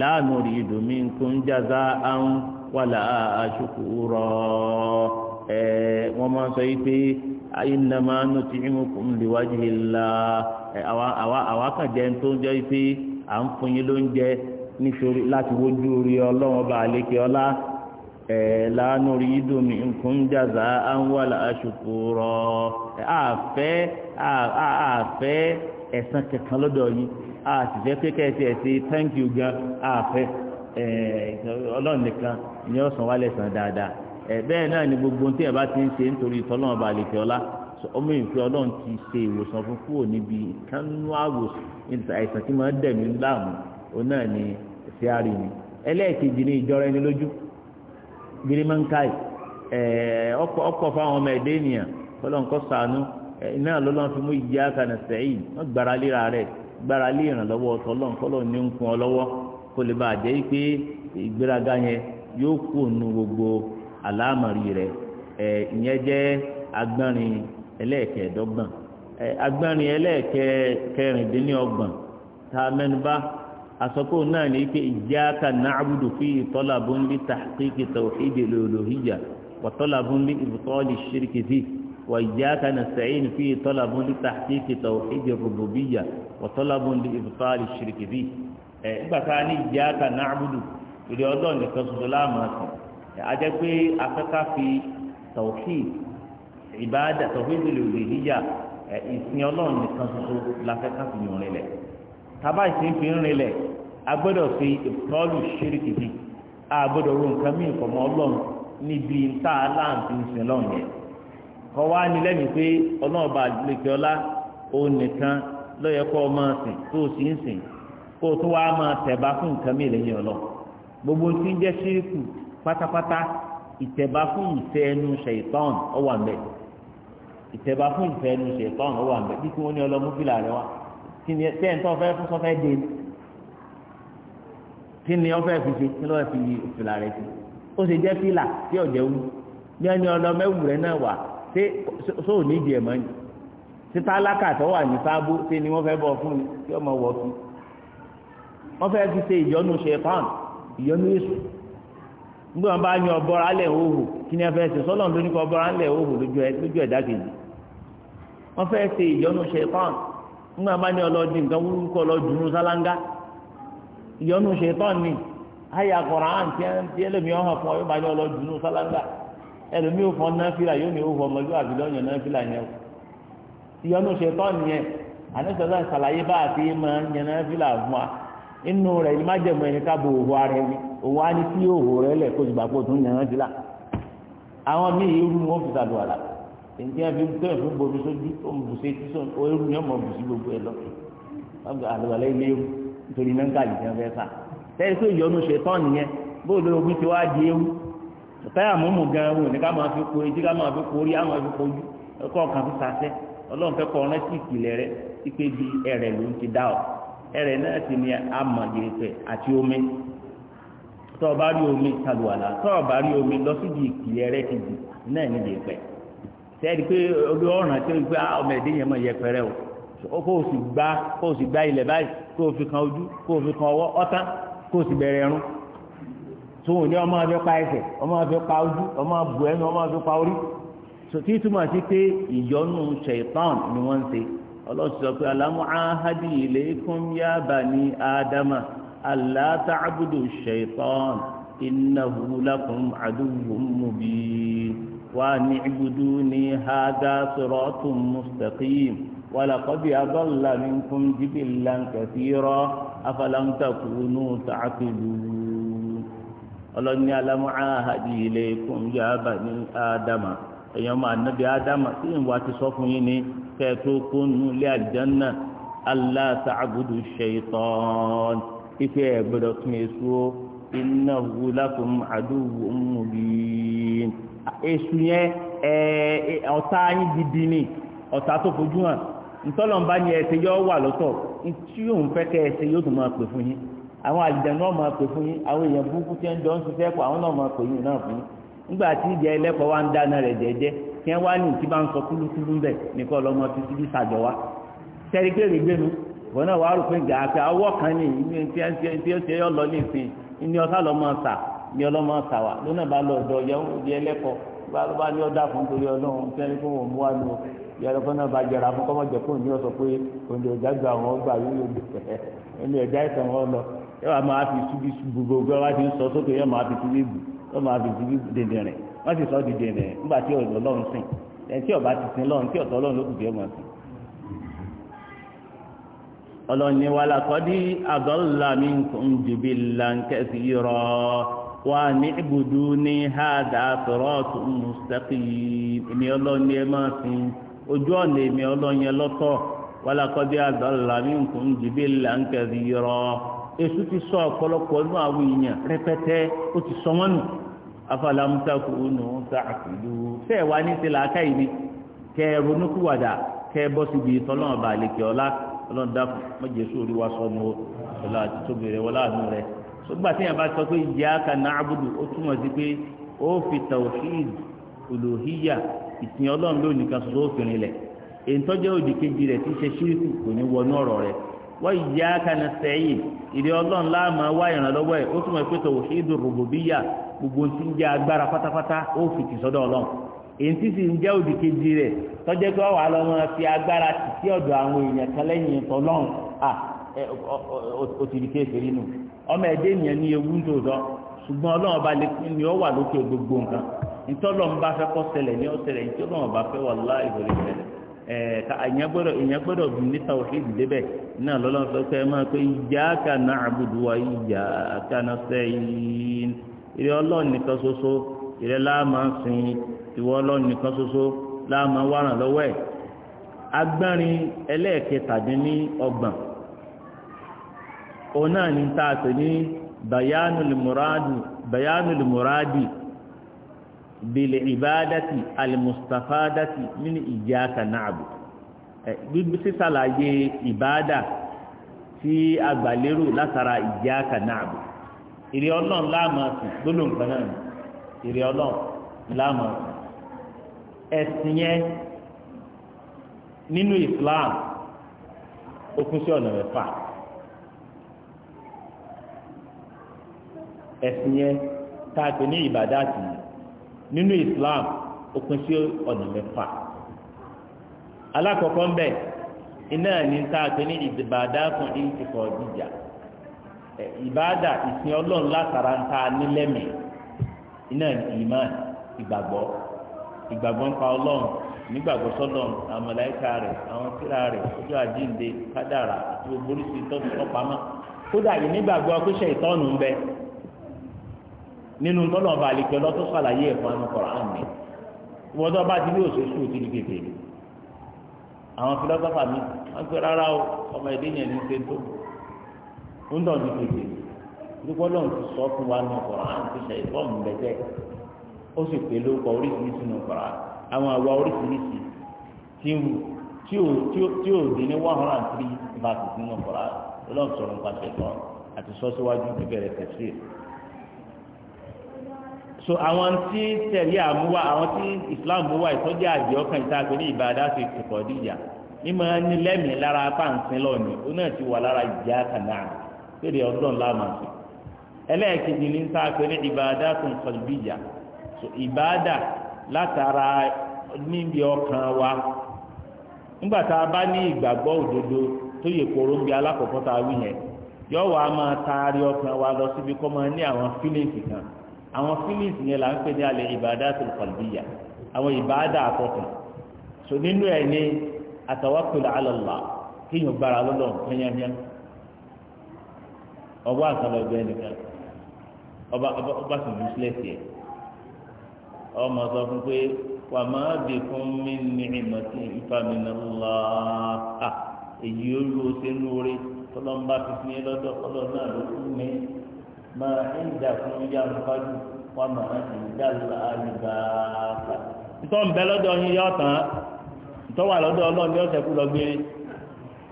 láàánú rí ìdùnmí nkún jáza áhùn wàlà àṣùkúrọ ẹ wọn máa sọ yìí pé ìnàmá nùtìrìmùkún liwájìhìlá àwa àwa àwa kàn jẹ́ tó ń jẹ́ pé à ń fún yín lóúnjẹ nítorí láti wójú orí ọlọ́wọ́n Eh, la nuridu minkum jaza'an wala shukura àfẹ́ eh, àfẹ́ ẹ̀sán kẹkàn lọ́dọ̀ yìí àtìfẹ́ kékẹ́ẹ̀sì ẹ̀sì thank you gan àfẹ́ eh, ọlọ́run nìkan ni ó san wálẹ̀ san dáadáa bẹ́ẹ̀ náà ni gbogbo tí ẹ̀ bá ti ń ṣe nítorí tọ́lọ́run bá lè fi ọlá ọmọ ìfẹ́ ọlọ́run ti ṣe ìwòsàn fún kúrò níbi kánú àwòsàn àìsàn tí máa ń dẹ̀mí láàmú òun náà ni ṣé àárín ẹlẹ́ẹ̀kejì ni ìjọra ẹni lójú girman kai eh, ọkọ̀ fáwọn ọmọ ẹ̀dẹ́ ènìyàn ọlọ́run sànú eh, náà lọ́lọ́run fi mú ìdí àkà gbára gbára lé ní ń ọ lọ́wọ́ kó lè bàa jẹ́ pé ìgbéraga yẹn yóò kú ònu gbogbo àlámọ̀rí rẹ̀ eh, ìyẹn àsọkò náà ní pé iyyaka na'budu fi talabun li tahqiqi tawhidil uluhiyya wa talabun li ibtali shirki fi wa iyyaka nasta'in fi talabun li tahqiqi tawhidir rububiyya wa talabun li ibtali shirki fi ẹ̀ nígbà tá a ní iyyaka na'budu ìdí ọlọ́run nìkan ṣoṣo láàmú fi tọ̀hí ìbáàdà tọ̀hí ìdílé òde yíyà ìsìn ọlọ́run nìkan ṣoṣo la tábà ìṣe ń fi ń rinlẹ̀ a gbọ́dọ̀ fi ìtọ́lù ṣíríkì bí a gbọ́dọ̀ ro nǹkan mí ìfọ̀mọ́ ọlọ́run níbi tá a láǹtí ń sin lọ́run yẹn kọ́ wá ní lẹ́mìí pé ọlọ́run bá lèkè ọlá òun nìkan lọ́yẹ kọ́ ọmọ sìn tó o sì ń sìn kó o tún wá máa tẹ̀bá fún nǹkan mí lẹ́yìn ọlọ́ gbogbo tí ń jẹ́ ṣíríkù pátápátá ìtẹ̀bá fún ìfẹ́ ẹnu ṣèyítọ́ọ̀n ọwà mẹ́ ìtẹ̀bá fún ìfẹ́ ẹnu ṣèyítọ́ọ̀n ọwà mẹ́ bí kí wọ́n ní ọlọ́mú fìlà rẹ wá kí ni ṣé ẹ̀ńtọ́ fẹ́ fún sọ́fẹ́ dé kí ni ọfẹ́ fi ṣe kí lọ́wọ́ fi fìlà rẹ̀ ṣe ó ṣe jẹ́ fìlà tí ọ̀jẹ̀ wù ní ẹni ọ̀nà mẹ́wù rẹ̀ náà wà ṣé sóò ní ìdí ẹ̀ mọ́ ni títa alákàtọ́ wà ní sábó ṣe ni wọ́n fẹ́ bọ̀ fún mi kí ọmọ wọ̀ fi wọ́n fẹ́ fi ṣe ìyọnu ṣe pàm ìyọnu èṣù nígbà wọn bá yan ọbọra alẹ òhù kí ni ẹ fẹ́ ṣe sọlọ́n lóníkọ ọbọra alẹ òhù lójú ẹ̀dá kejì wọ́n fẹ́ ṣe ìyọnu ṣe pàm nígbà bá ní ọlọ́dì nǹkan wúlú kọ́ ọlọ́dún ní sálángá ìyọnu ṣètọ́n ni àyà Kùránì tí ẹlẹ́mìí ọ̀hàn fún ọ yóò bá ní ọlọ́dún ní sálángá ẹlẹ́mìí ò fọ́ náfìlà yóò ní ó fọ́ ọmọlúwà àbílẹ̀ ọ̀yàn náfìlà yẹn o ìyọnu ṣètọ́n yẹn àníṣọ́sọ́ ṣàlàyé bá a ti máa ń yẹn náfìlà fún wa inú rẹ̀ ní májẹ̀mú ẹni ká bo òwò ara ẹni òwò á ní sí ǹjẹ́ àfi tó ẹ̀fọ́ bomi sójú ó ń tí sọ ẹrú ni bùsí gbogbo ẹ̀ lọ àlùbàlẹ̀ ilé ewu nítorí mẹ́ńkà yìí ti fẹ́ fà tẹ́lẹ̀ pé ìyọnu ṣe tán nìyẹn bóòlù ogun ti wá di ewu múmu gan wò ní ká máa fi etí ká máa fi orí ojú ẹkọ fi sasẹ rẹ ló ń ọ náà sì ni àti omi tọ́ọ̀ bá tẹ́ẹ̀dì pé orí ọ̀ràn tó ń pẹ́ ah, ọmọ ẹ̀dẹ́ yẹn mọ̀ yẹpẹrẹ o kó o sì gbá kó o sì gbá ilẹ̀ báyìí kó o fi kan ojú kó o fi kan ọwọ́ ọ̀tán kó o sì bẹ̀rẹ̀ ẹ̀rún tó wọn ní ọmọ afẹ́ pa ẹsẹ̀ ọmọ afẹ́ pa ojú ọmọ abu ẹnu ọmọ afẹ́ pa orí tí túmọ̀ sí pé ìyọnu ṣẹ̀tàn ni wọ́n ń ṣe ọlọ́sùn pé alamu ahadi ilaykum ya bani adama alla ta'budu ṣẹ̀tàn innahu lakum aduwwun mubin. وأن اعبدوني هذا صراط مستقيم ولقد أضل منكم جبلا كثيرا أفلم تكونوا تعقلون ألني ألم عاهد إليكم يا بني آدم èèyàn máa nábi ádámà tí ìwà ti sọ fún yín ni kẹtó kónú ilé àjẹnà aláàtàgùdù ṣèyítọ́n ife ẹ̀gbọ́dọ̀ tún èso iná wúlákùn àdúgbò ń mú bíi. èṣù yẹn ọ̀tá yín gidi ni ọ̀tá tó fojú hàn ntọ́lọ́mbá ni ẹ̀sẹ̀ yọ wà lọ́tọ̀ tí òun fẹ́ kẹ́ yóò tún máa pè fún yín àwọn àlìjẹ̀nu náà máa pè fún yín àwọn èèyàn burúkú tí ń jọ ń ṣiṣẹ́ àwọn náà máa pè yín náà fún yín nígbà ń dáná rẹ̀ jẹ́jẹ́ kí wá ní bá ń sọ kúlúkúlú bẹ̀ nìkan lọ́mọ bí sàjọ ní ọlọ́mọ àtàwà lónà bá lọ ọ̀dọ̀ ìyàwó di ẹlẹ́kọ̀ọ́ bá ló bá ní ọ̀dà fún torí ọlọ́run tẹ́lẹ̀ kó wọn mú wa nù ìyàrá fún náà bá jẹrà fún kọ́mọ jẹ fún ìyàwó sọ pé òǹdè ọ̀já gba àwọn ọgbà yóò (laughs) ẹni ẹ̀já ìtàn wọn lọ ẹ wà máa fi síbi gbogbo wa ti ń sọ sókè yẹ máa fi síbi bù yọ máa fi síbi dèdè rẹ sì sọ di nígbà tí ọlọ́run sìn ẹ̀ tí ọba ti sin lọ́run tí ọ̀tọ̀ ọlọ́run ló kù jẹ́ wàlàkọ́dí àgọ́lá mi ń jìbìlà ń kẹ́sì yìí rọ̀ وأن اعبدوني هذا ni máa sìn ojú ọ̀nà èmi ọlọ́run yẹn lọ́tọ̀ walaqad adalla minkum jibilan yọrọ èṣù ti sọ ọ̀pọ̀lọpọ̀ inú àwọn èèyàn rẹpẹtẹ ó ti sọ wọ́n nù afalam takunu ṣé ẹ̀ wá ní ti làákà yìí ni kẹ́ ẹ ronúkúwàdà kẹ́ ẹ bọ́ síbi ìtọ́lọ́run ọba ọ̀la àti sọgbà tí yàrá bá sọ pé iyyaka na'budu ó túmọ̀ sí pé ó fi tawhid uluhiyya ìsìn ọlọ́run lónìí kan ṣoṣo òfin rẹ̀ èyí òdì kejì rẹ̀ tí ṣe ṣíríkù kò ní wọnú ọ̀rọ̀ rẹ̀ wa iyyaka nasta'in ìdí ọlọ́run láàmú wá ìrànlọ́wọ́ ẹ̀ ó túmọ̀ pé tawhidu rububiyya gbogbo tí ń jẹ́ agbára pátápátá ó fi tì sọ́dọ̀ ọlọ́run èyí tí sì ń jẹ́ òdì kejì rẹ̀ tọ́jẹ́ pé wàá lọ máa fi agbára sí ọ̀dọ̀ àwọn èèyàn kan ọmọ ẹ̀dẹ́ ènìyàn ní ewu ń tòótọ́ ṣùgbọ́n ọlọ́run ọba ni wà lókè gbogbo nǹkan ntọ́lọ́run bá fẹ́ kọ́ ní fẹ́ wà láì wọlé ìyẹn gbọ́dọ̀ ìyẹn gbọ́dọ̀ bí náà lọ́lọ́run ẹ máa pé wa ìrẹ́ ọlọ́run nìkan ṣoṣo ìrẹ́ láàmà sìn ìwọ ọlọ́run nìkan ṣoṣo láàmà wàràn lọ́wọ́ òun náà ní ta pè ní bayanul muradi bayanul muradi bil ibadati almustafadati min iyyaka na'bu gbígbí sísàlàyé ìbáàdà tí agbàlérò látara iyyaka na'bu ìrì ọlọ́run láàmà sí gbólóhùn kan náà ìrì ọlọ́run láàmà sí nínú Islam ó sí ọ̀nà mẹ́fà. ẹ̀sìn taa tá a pè ní nínú Islam ó sí ọ̀nà mẹ́fà alákọ̀ọ́kọ́ bẹ iná ní tá a ní ìtìkọ̀ jíjà ìbáàdà ìsìn ọlọ́run látara ń ta nílẹ̀mí iná ìgbàgbọ́ ìgbàgbọ́ ń pa ọlọ́run nígbàgbọ́ sọ́dọ̀ àwọn rẹ̀ àwọn kíra rẹ̀ ojú nínú tọ́lọ̀ ọba àlejò ọlọ́tún sàlàyé ẹ̀fọ́ àánú kọ̀ọ̀rọ̀ àmì wọ́n tó bá ti ní òṣèṣù ti di kékeré àwọn filosofa mi wọ́n pe rárá o ọmọ èdè yẹn ní ṣe tó ń dọ̀ ní kékeré dúpọ́ lọ́n ti sọ fún wa nù kọ̀ọ̀rọ̀ àmì ti ṣe ìfọ́ mi bẹ́tẹ̀ ó sì pè lórúkọ oríṣiríṣi nù kọ̀ọ̀rọ̀ àwọn àwa oríṣiríṣi ti wù tí o tí o tí o dín ní one hundred and three verses nínú kọ̀ọ̀rọ̀ lọ́n sọ̀rọ̀ nípa ṣẹ̀tọ́ àti sọ́síwájú bíbẹ̀rẹ̀ tẹ̀síì so àwọn tí tẹ̀lé àmúwá àwọn tí Islam wá ìtọ́jú àjẹ́ ọkàn ìta ní ìbàdà ti kẹ̀kọ́ díjà mímọ ní lẹ́mìí lára apá ǹsìn ó náà ti wà lára ìjà kàná kéde ọdún lámàṣẹ ẹlẹ́ẹ̀kejì ní ta ní ìbàdà tó ń kọjú bíjà so ìbàdà látara níbi ọkàn wa nígbà tá a bá ní ìgbàgbọ́ òdodo tó yẹ kóró ń bi wí àwọn feelings yẹn la ń pè ní alẹ́ ibadatul qalbiyya àwọn ìbàdà àkọ́kàn so nínú ẹ̀ ní atawakkul ala Allah kéèyàn gbára lọ́dọ̀ ọba àkàlọ̀ ọgbẹ́ nìkan ọba ọba sì ju ọmọ sọ fún pé wà ah, má fún mi ní èyí lu oṣù lórí fífi lọ́dọ̀ ما عندكم ينفد وما عند الأرباب ntọ́ ń bẹ lọ́dọ̀ yín yọ tán ntọ́ wà lọ́dọ̀ ọlọ́run yóò sẹ́kù lọ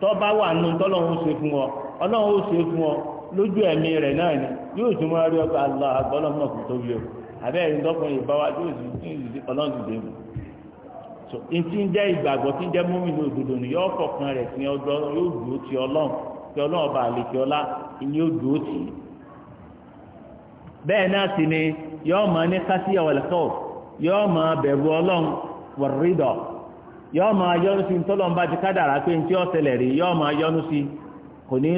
tọ́ bá wà nù fún ọ fún ọ lójú ẹ̀mí rẹ̀ náà ni yóò tún máa rí kò tó yẹ ìbáwá yóò sì ọlọ́run ti ń jẹ́ ìgbàgbọ́ tí ń jẹ́ mọ́mí ní òdodo bẹ́ẹ̀ náà sì ni yóò máa ní kásíyà wàlẹ́kọ́ yóò máa bẹ̀rù ọlọ́run wọ̀rídọ̀ yóò máa yọnu sí tọ́lọ́n bá ti kádàrá pé tí ó ṣẹlẹ̀ rí sí kò ní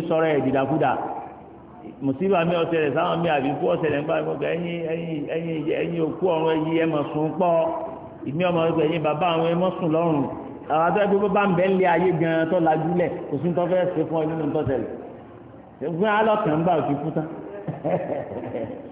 mi ó ṣẹlẹ̀ sáwọn mi àbí kú eyi ṣẹlẹ̀ nípa ìfọ̀gbẹ́ ẹ̀yìn ẹ̀yìn ẹ̀yìn òkú ọ̀run ẹ̀yìn ẹ̀mọ̀ sùn ń (laughs)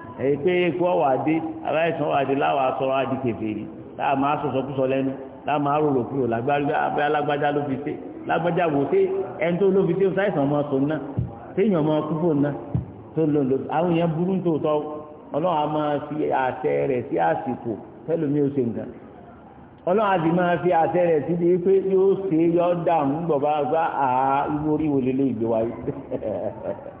èyí pé ikú ọ̀wà dé aláìsàn ọ̀wà dé láwà sọ̀rọ̀ àdì kèfèrí láà máa sọ̀sọ̀ kúsọ lẹ́nu láà kúrò lágbájá lágbájá ló fi ṣe lágbájá wò ṣe ẹni tó ló fi ṣe sáìsàn ọmọ sọ téèyàn ọmọ kúfò tó lò àwọn èèyàn burú tó ọlọ́run máa fi àṣẹ rẹ̀ sí àsìkò ṣe nǹkan ọlọ́run sì máa fi àṣẹ rẹ̀ sí bíi pé yóò ṣe yọ (laughs)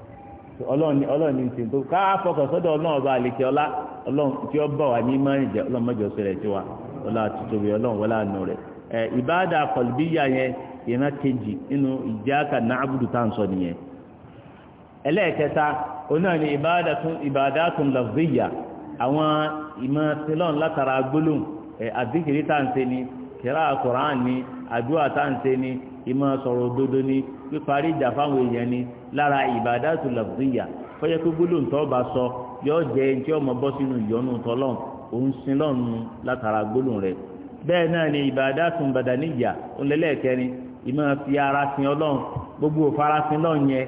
ọlọ́run ní ti tó ká fọkàn sọ́dọ̀ ọlọ́run ọba àlekè ọlá ọlọ́run tí ó bọ̀ wá ní mọ́rin jẹ́ ọlọ́run mọ́jọ sẹ̀rẹ̀ tí wa ọlọ́run àtútòbi ọlọ́run wọlé àánú rẹ̀ ẹ ìbáàdà kọ̀lbíyà yẹn ìran kejì nínú ìjáka náàbùdù tá à ń sọ nìyẹn ẹlẹ́ẹ̀kẹta ìbáàdà tún àwọn ìmọ̀ látara ni kẹrà ìmọ̀ sọ̀rọ̀ òdodo ni píparí ìjà fáwọn èèyàn ni lára ìbádàtù làbúyà fọ́jẹ́ pé gbólóhùn tó bá sọ yọ jẹ́ ẹni tí ọmọ bọ́ sínú ìyọnu tọ́lọ́n òun sin lọ́nu látara gbólóhùn rẹ̀ bẹ́ẹ̀ náà ni ìbádàtù bàdàníyà òǹlẹ́lẹ́kẹrin ìmọ̀ fi ara sin ọlọ́run gbogbo òfarasin lọ́n yẹn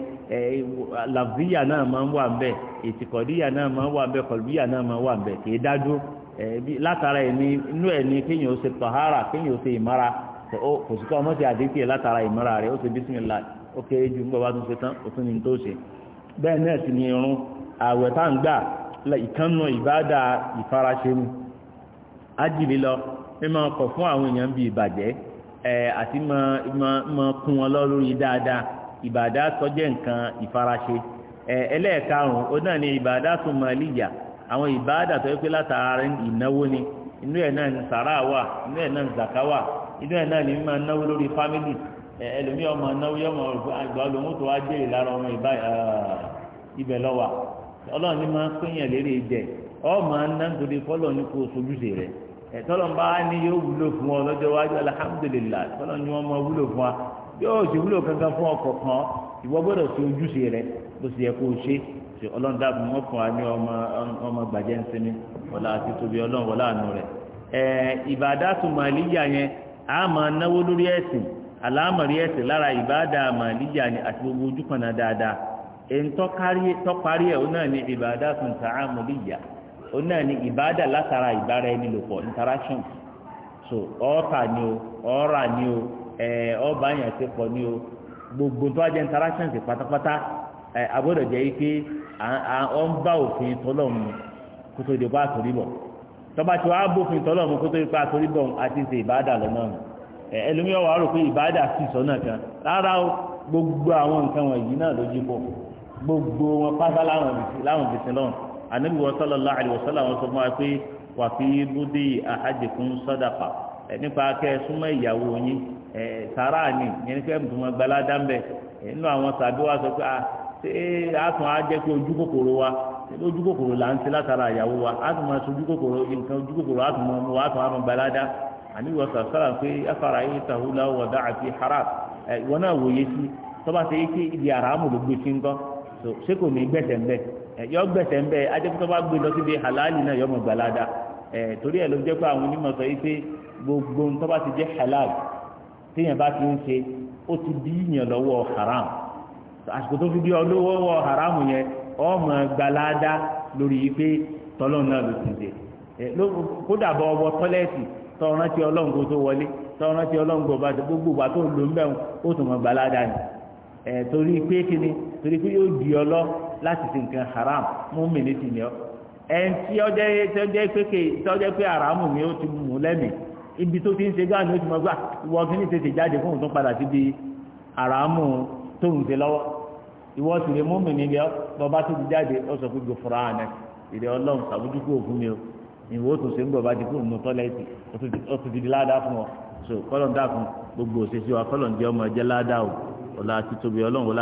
làbúyà náà máa ń wà ń bẹ̀ ìtìkọ̀díyà náà máa ń wà ń bẹ̀ kọ̀lùbíyà náà máa ń wà ń bẹ̀ kì í dájú látara ẹni inú ẹni kéèyàn ó ṣe tọ̀hárà kéèyàn ó ṣe ìmára Oh, kò sí ká ọmọ ti àdékì ẹ̀ látara ìmọ̀ra rẹ̀ ó ṣe bísímìlá ó kéré ju nígbà bá tún ṣe tán ó tún ní tó ṣe bẹ́ẹ̀ náà sì ni irun ààwẹ̀ tá ń gbà ìkànnà ìbáàdà ìfaraṣe ni ájìlí lọ mímọ ọkọ̀ fún àwọn èèyàn bíi ìbàjẹ́ àti mọ kún wọn lọ lórí dáadáa ìbàdà sọjẹ́ nǹkan ìfaraṣe ẹlẹ́ẹ̀karùn-ún ó náà ni ìbàdà tó mọ ẹlíyà àwọn ìbáàdà tó yẹ pé látara ìnáwó ni inú ẹ̀ náà ni sàrà wà inú ẹ̀ náà ni zàká wà inú ẹ̀ náà ní máa náwó lórí fámìlì ẹlòmíì ọmọ náwó yọmọ àgbà olóhùn tó wá jèrè lára ọmọ ìbá ah, ibẹ̀ lọ́wà ọlọ́run ní máa pínyàn lérí ìjẹ ọmọ náà nítorí fọlọ́ ní kó sojúṣe rẹ̀ tọ́lọ́mbà ni yóò wúlò fún ọ lọ́jọ́ wájú alhamdulilayi tọ́lọ́ ni wọ́n máa wúlò fún wa yóò ti wúlò kankan fún ọkọ̀ kan ìwọ gbọ́dọ̀ ṣe ojúṣe rẹ bó ṣe yẹ kó o ṣe ṣe ọlọ́run dábùú wọn fún wa ní ọmọ gbàjẹ́ ń sinmi wọlá àti tóbi ọlọ́run wọlá àánú rẹ. ìbàdàtú màlíyà yẹn a náwó lórí ẹ̀sìn àlámọ̀rí ẹ̀sìn lára ìbáàdà àmàlíyà ni àti gbogbo ojú kan náà dáadáa èyí tọ́parí ẹ̀ onáà ní ìbáàdà fún tààmùlíyà onáà ní ìbáàdà látara ìbára ẹni lòpọ̀ interaction so ọ̀ọ́ta ni o ọ̀ọ́ra ni o ọba yẹn ti pọ̀ o gbogbo tó wájú interaction ti pátápátá ike ń bá òfin tọ́lọ̀ mu kótó ìdìbò tọ́ba tí wàá bófin tọ́lọ̀ mú kó tó ipa torí bọ̀ àti ṣe ìbáàdà lọ́nà nù ẹlòmíọ̀ wàá rò pé ìbáàdà sì sọ́nà kan rárá o gbogbo àwọn nǹkan wọ̀nyí náà ló yí pọ̀ gbogbo wọn pátá láwọn bìtì lọ́wọ́ ànábì wọ́n sọ́lọ́ láàrin wọ́n sọ́lọ́ àwọn sọ́mọ́ pé wà fi búdí àhàjẹkùn sọ́dàpà nípa kẹ́ súnmọ́ ìyàwó yín sàrà ni yẹn fẹ́ mùtúmọ̀ gbalá dáńbẹ̀ nínú àwọn sàbí wa sọ pé àtún ah, á jẹ́ pé ojú kòkòrò wa ojú kòkòrò là ń ṣe látara ìyàwó wa a tún máa ṣe ojú kòkòrò nǹkan ojú kòkòrò a tún máa mú wa a tún máa mú balada àní wọ́n sà sára pé afárá yìí tàhúlà wọ̀dà àti haram ẹ̀ ìwọ náà wòye sí tọ́ba ṣe é kí ibi àràmù ló gbé sí ńkọ́ ṣé kò ní gbẹ̀sẹ̀ ńbẹ̀ yọ gbẹ̀sẹ̀ ńbẹ̀ ajẹ́pẹ́tọ́ bá gbé lọ síbi halali náà yọ mọ̀ gbalada ẹ̀ torí ẹ̀ ló jẹ́ pé àwọn onímọ̀ sọ yìí pé gbogbo tọ́ba ti ọmọ gbalada lórí pé tọ́lọ́n náà ló ti dé kódà bọ́ ọwọ́ tọ́lẹ́ẹ̀tì tọ́ọ̀rán tí tó wọlé tọ́ọ̀rán tí gbogbo wa tó lò ń bẹ̀ mọ gbalada ni torí pé o torí pé di ọlọ́ láti ṣe nǹkan haram mú mi ẹnití ọjọ́ pé pé ó ti ibi tó ti ń ṣe ó ti mọ gbà wọ́n ní tètè jáde fún òun ìwọ sì lè mú mi nílẹ̀ ti jáde ó sọ fún gbòfòrò àná ìdè Ọlọ́run sàbójúkú òfin mi o ìwọ ó ṣe ń gbọba di kúrò nù tọ́lẹ́tì ó ti di ládàá fún ọ so kọlọ ń dàkún gbogbo òṣèṣì wa kọlọ ń jẹ ọmọ ládàá o ti tóbi Ọlọ́run wọlé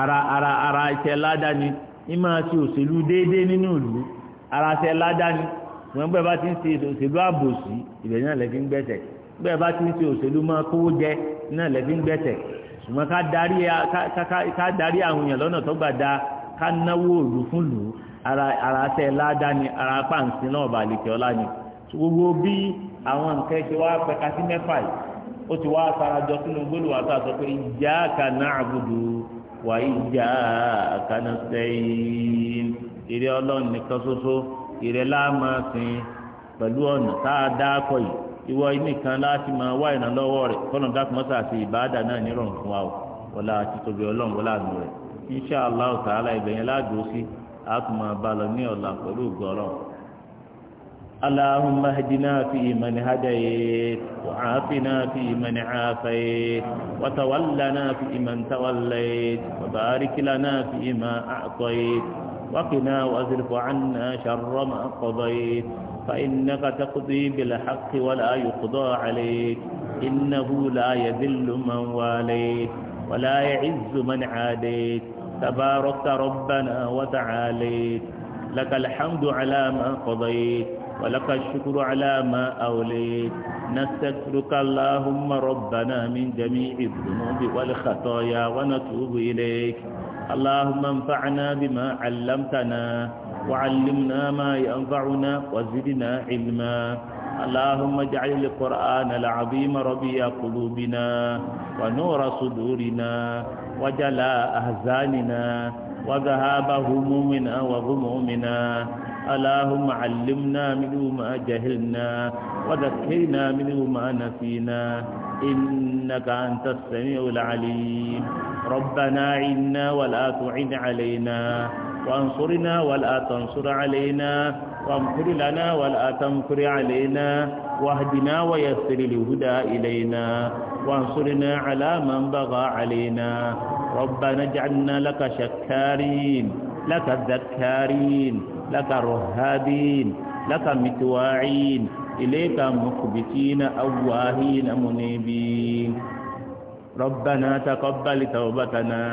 adá ara ara ara iṣẹ́ ládàá ni ṣe òṣèlú déédéé nínú ìlú ara ládàá ni bá ti bẹ́ẹ̀ bá ti ń ṣe òṣèlú máa kówó jẹ náà lẹ́bí ń gbẹ̀tẹ̀ ṣùgbọ́n ká darí àwọn èèyàn lọ́nà tó gbà dáa ká náwó òlù fún lù ú ara tẹ ládàá ni ara pàǹsí náà bà lèkè ọlá ni gbogbo bí àwọn nǹkan ṣe wá pẹ̀ka sí mẹ́fà yìí ó ti wá farajọ sínú gbólóhùn àti àsọ pé iyyaka na'budu wa iyyaka nasta'in ìrẹ́ ọlọ́run nìkan ṣoṣo ìrẹ́ láàmásìn pẹ̀lú ọ̀nà tá a dá kọ yìí ìwọ nìkan láti máa wá ìrànlọ́wọ́ rẹ̀ kọ́nà dákúmọ́sà àti ìbáàdà náà nírọ̀rùn fún wa o wọlá títóbi ọlọ́run wọlá àánú rẹ̀ insha allah ta'ala ìbẹ̀yẹn láàdúró sí àtúmọ̀ balọ̀ ní ọ̀la pẹ̀lú ìgbọ́rọ̀ اللهم اهدنا في فيمن هديت وعافنا في فيمن عافيت وتولنا في فيمن توليت وبارك لنا في فيما أعطيت وقنا واصرف عنا شر ما قضيت فإنك تقضي بالحق ولا يقضى عليك إنه لا يذل من واليت ولا يعز من عاديت تبارك ربنا وتعاليت لك الحمد على ما قضيت ولك الشكر على ما أوليت نستغفرك اللهم ربنا من جميع الذنوب والخطايا ونتوب إليك اللهم انفعنا بما علمتنا وعلمنا ما ينفعنا وزدنا علما اللهم اجعل القرآن العظيم ربي قلوبنا ونور صدورنا وجلاء أحزاننا وذهاب همومنا وغمومنا اللهم علمنا منه ما جهلنا وذكرنا منه ما نسينا إنك أنت السميع العليم ربنا عنا ولا تعن علينا وانصرنا ولا تنصر علينا وامكر لنا ولا تمكر علينا واهدنا ويسر الهدى إلينا وانصرنا على من بغى علينا ربنا اجعلنا لك شكارين لك الذكارين لك رهابين لك متواعين إليك مخبتين أواهين منيبين ربنا تقبل توبتنا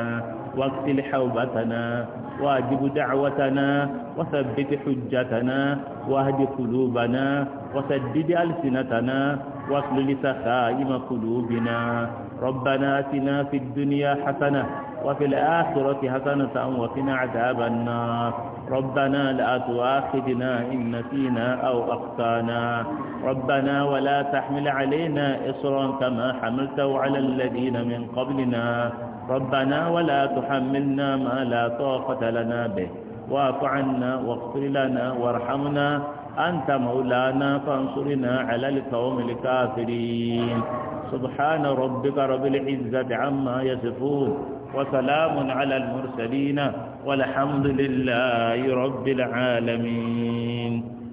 واقتل حوبتنا واجب دعوتنا وثبت حجتنا واهد قلوبنا وسدد ألسنتنا واصل سخائم قلوبنا ربنا اتنا في الدنيا حسنة وفي الآخرة حسنة وقنا عذاب النار ربنا لا تؤاخذنا إن نسينا أو أخطانا ربنا ولا تحمل علينا إصرا كما حملته على الذين من قبلنا ربنا ولا تحملنا ما لا طاقة لنا به واعف عنا واغفر لنا وارحمنا أنت مولانا فانصرنا على القوم الكافرين سبحان ربك رب العزة عما يصفون وسلام على المرسلين والحمد لله رب العالمين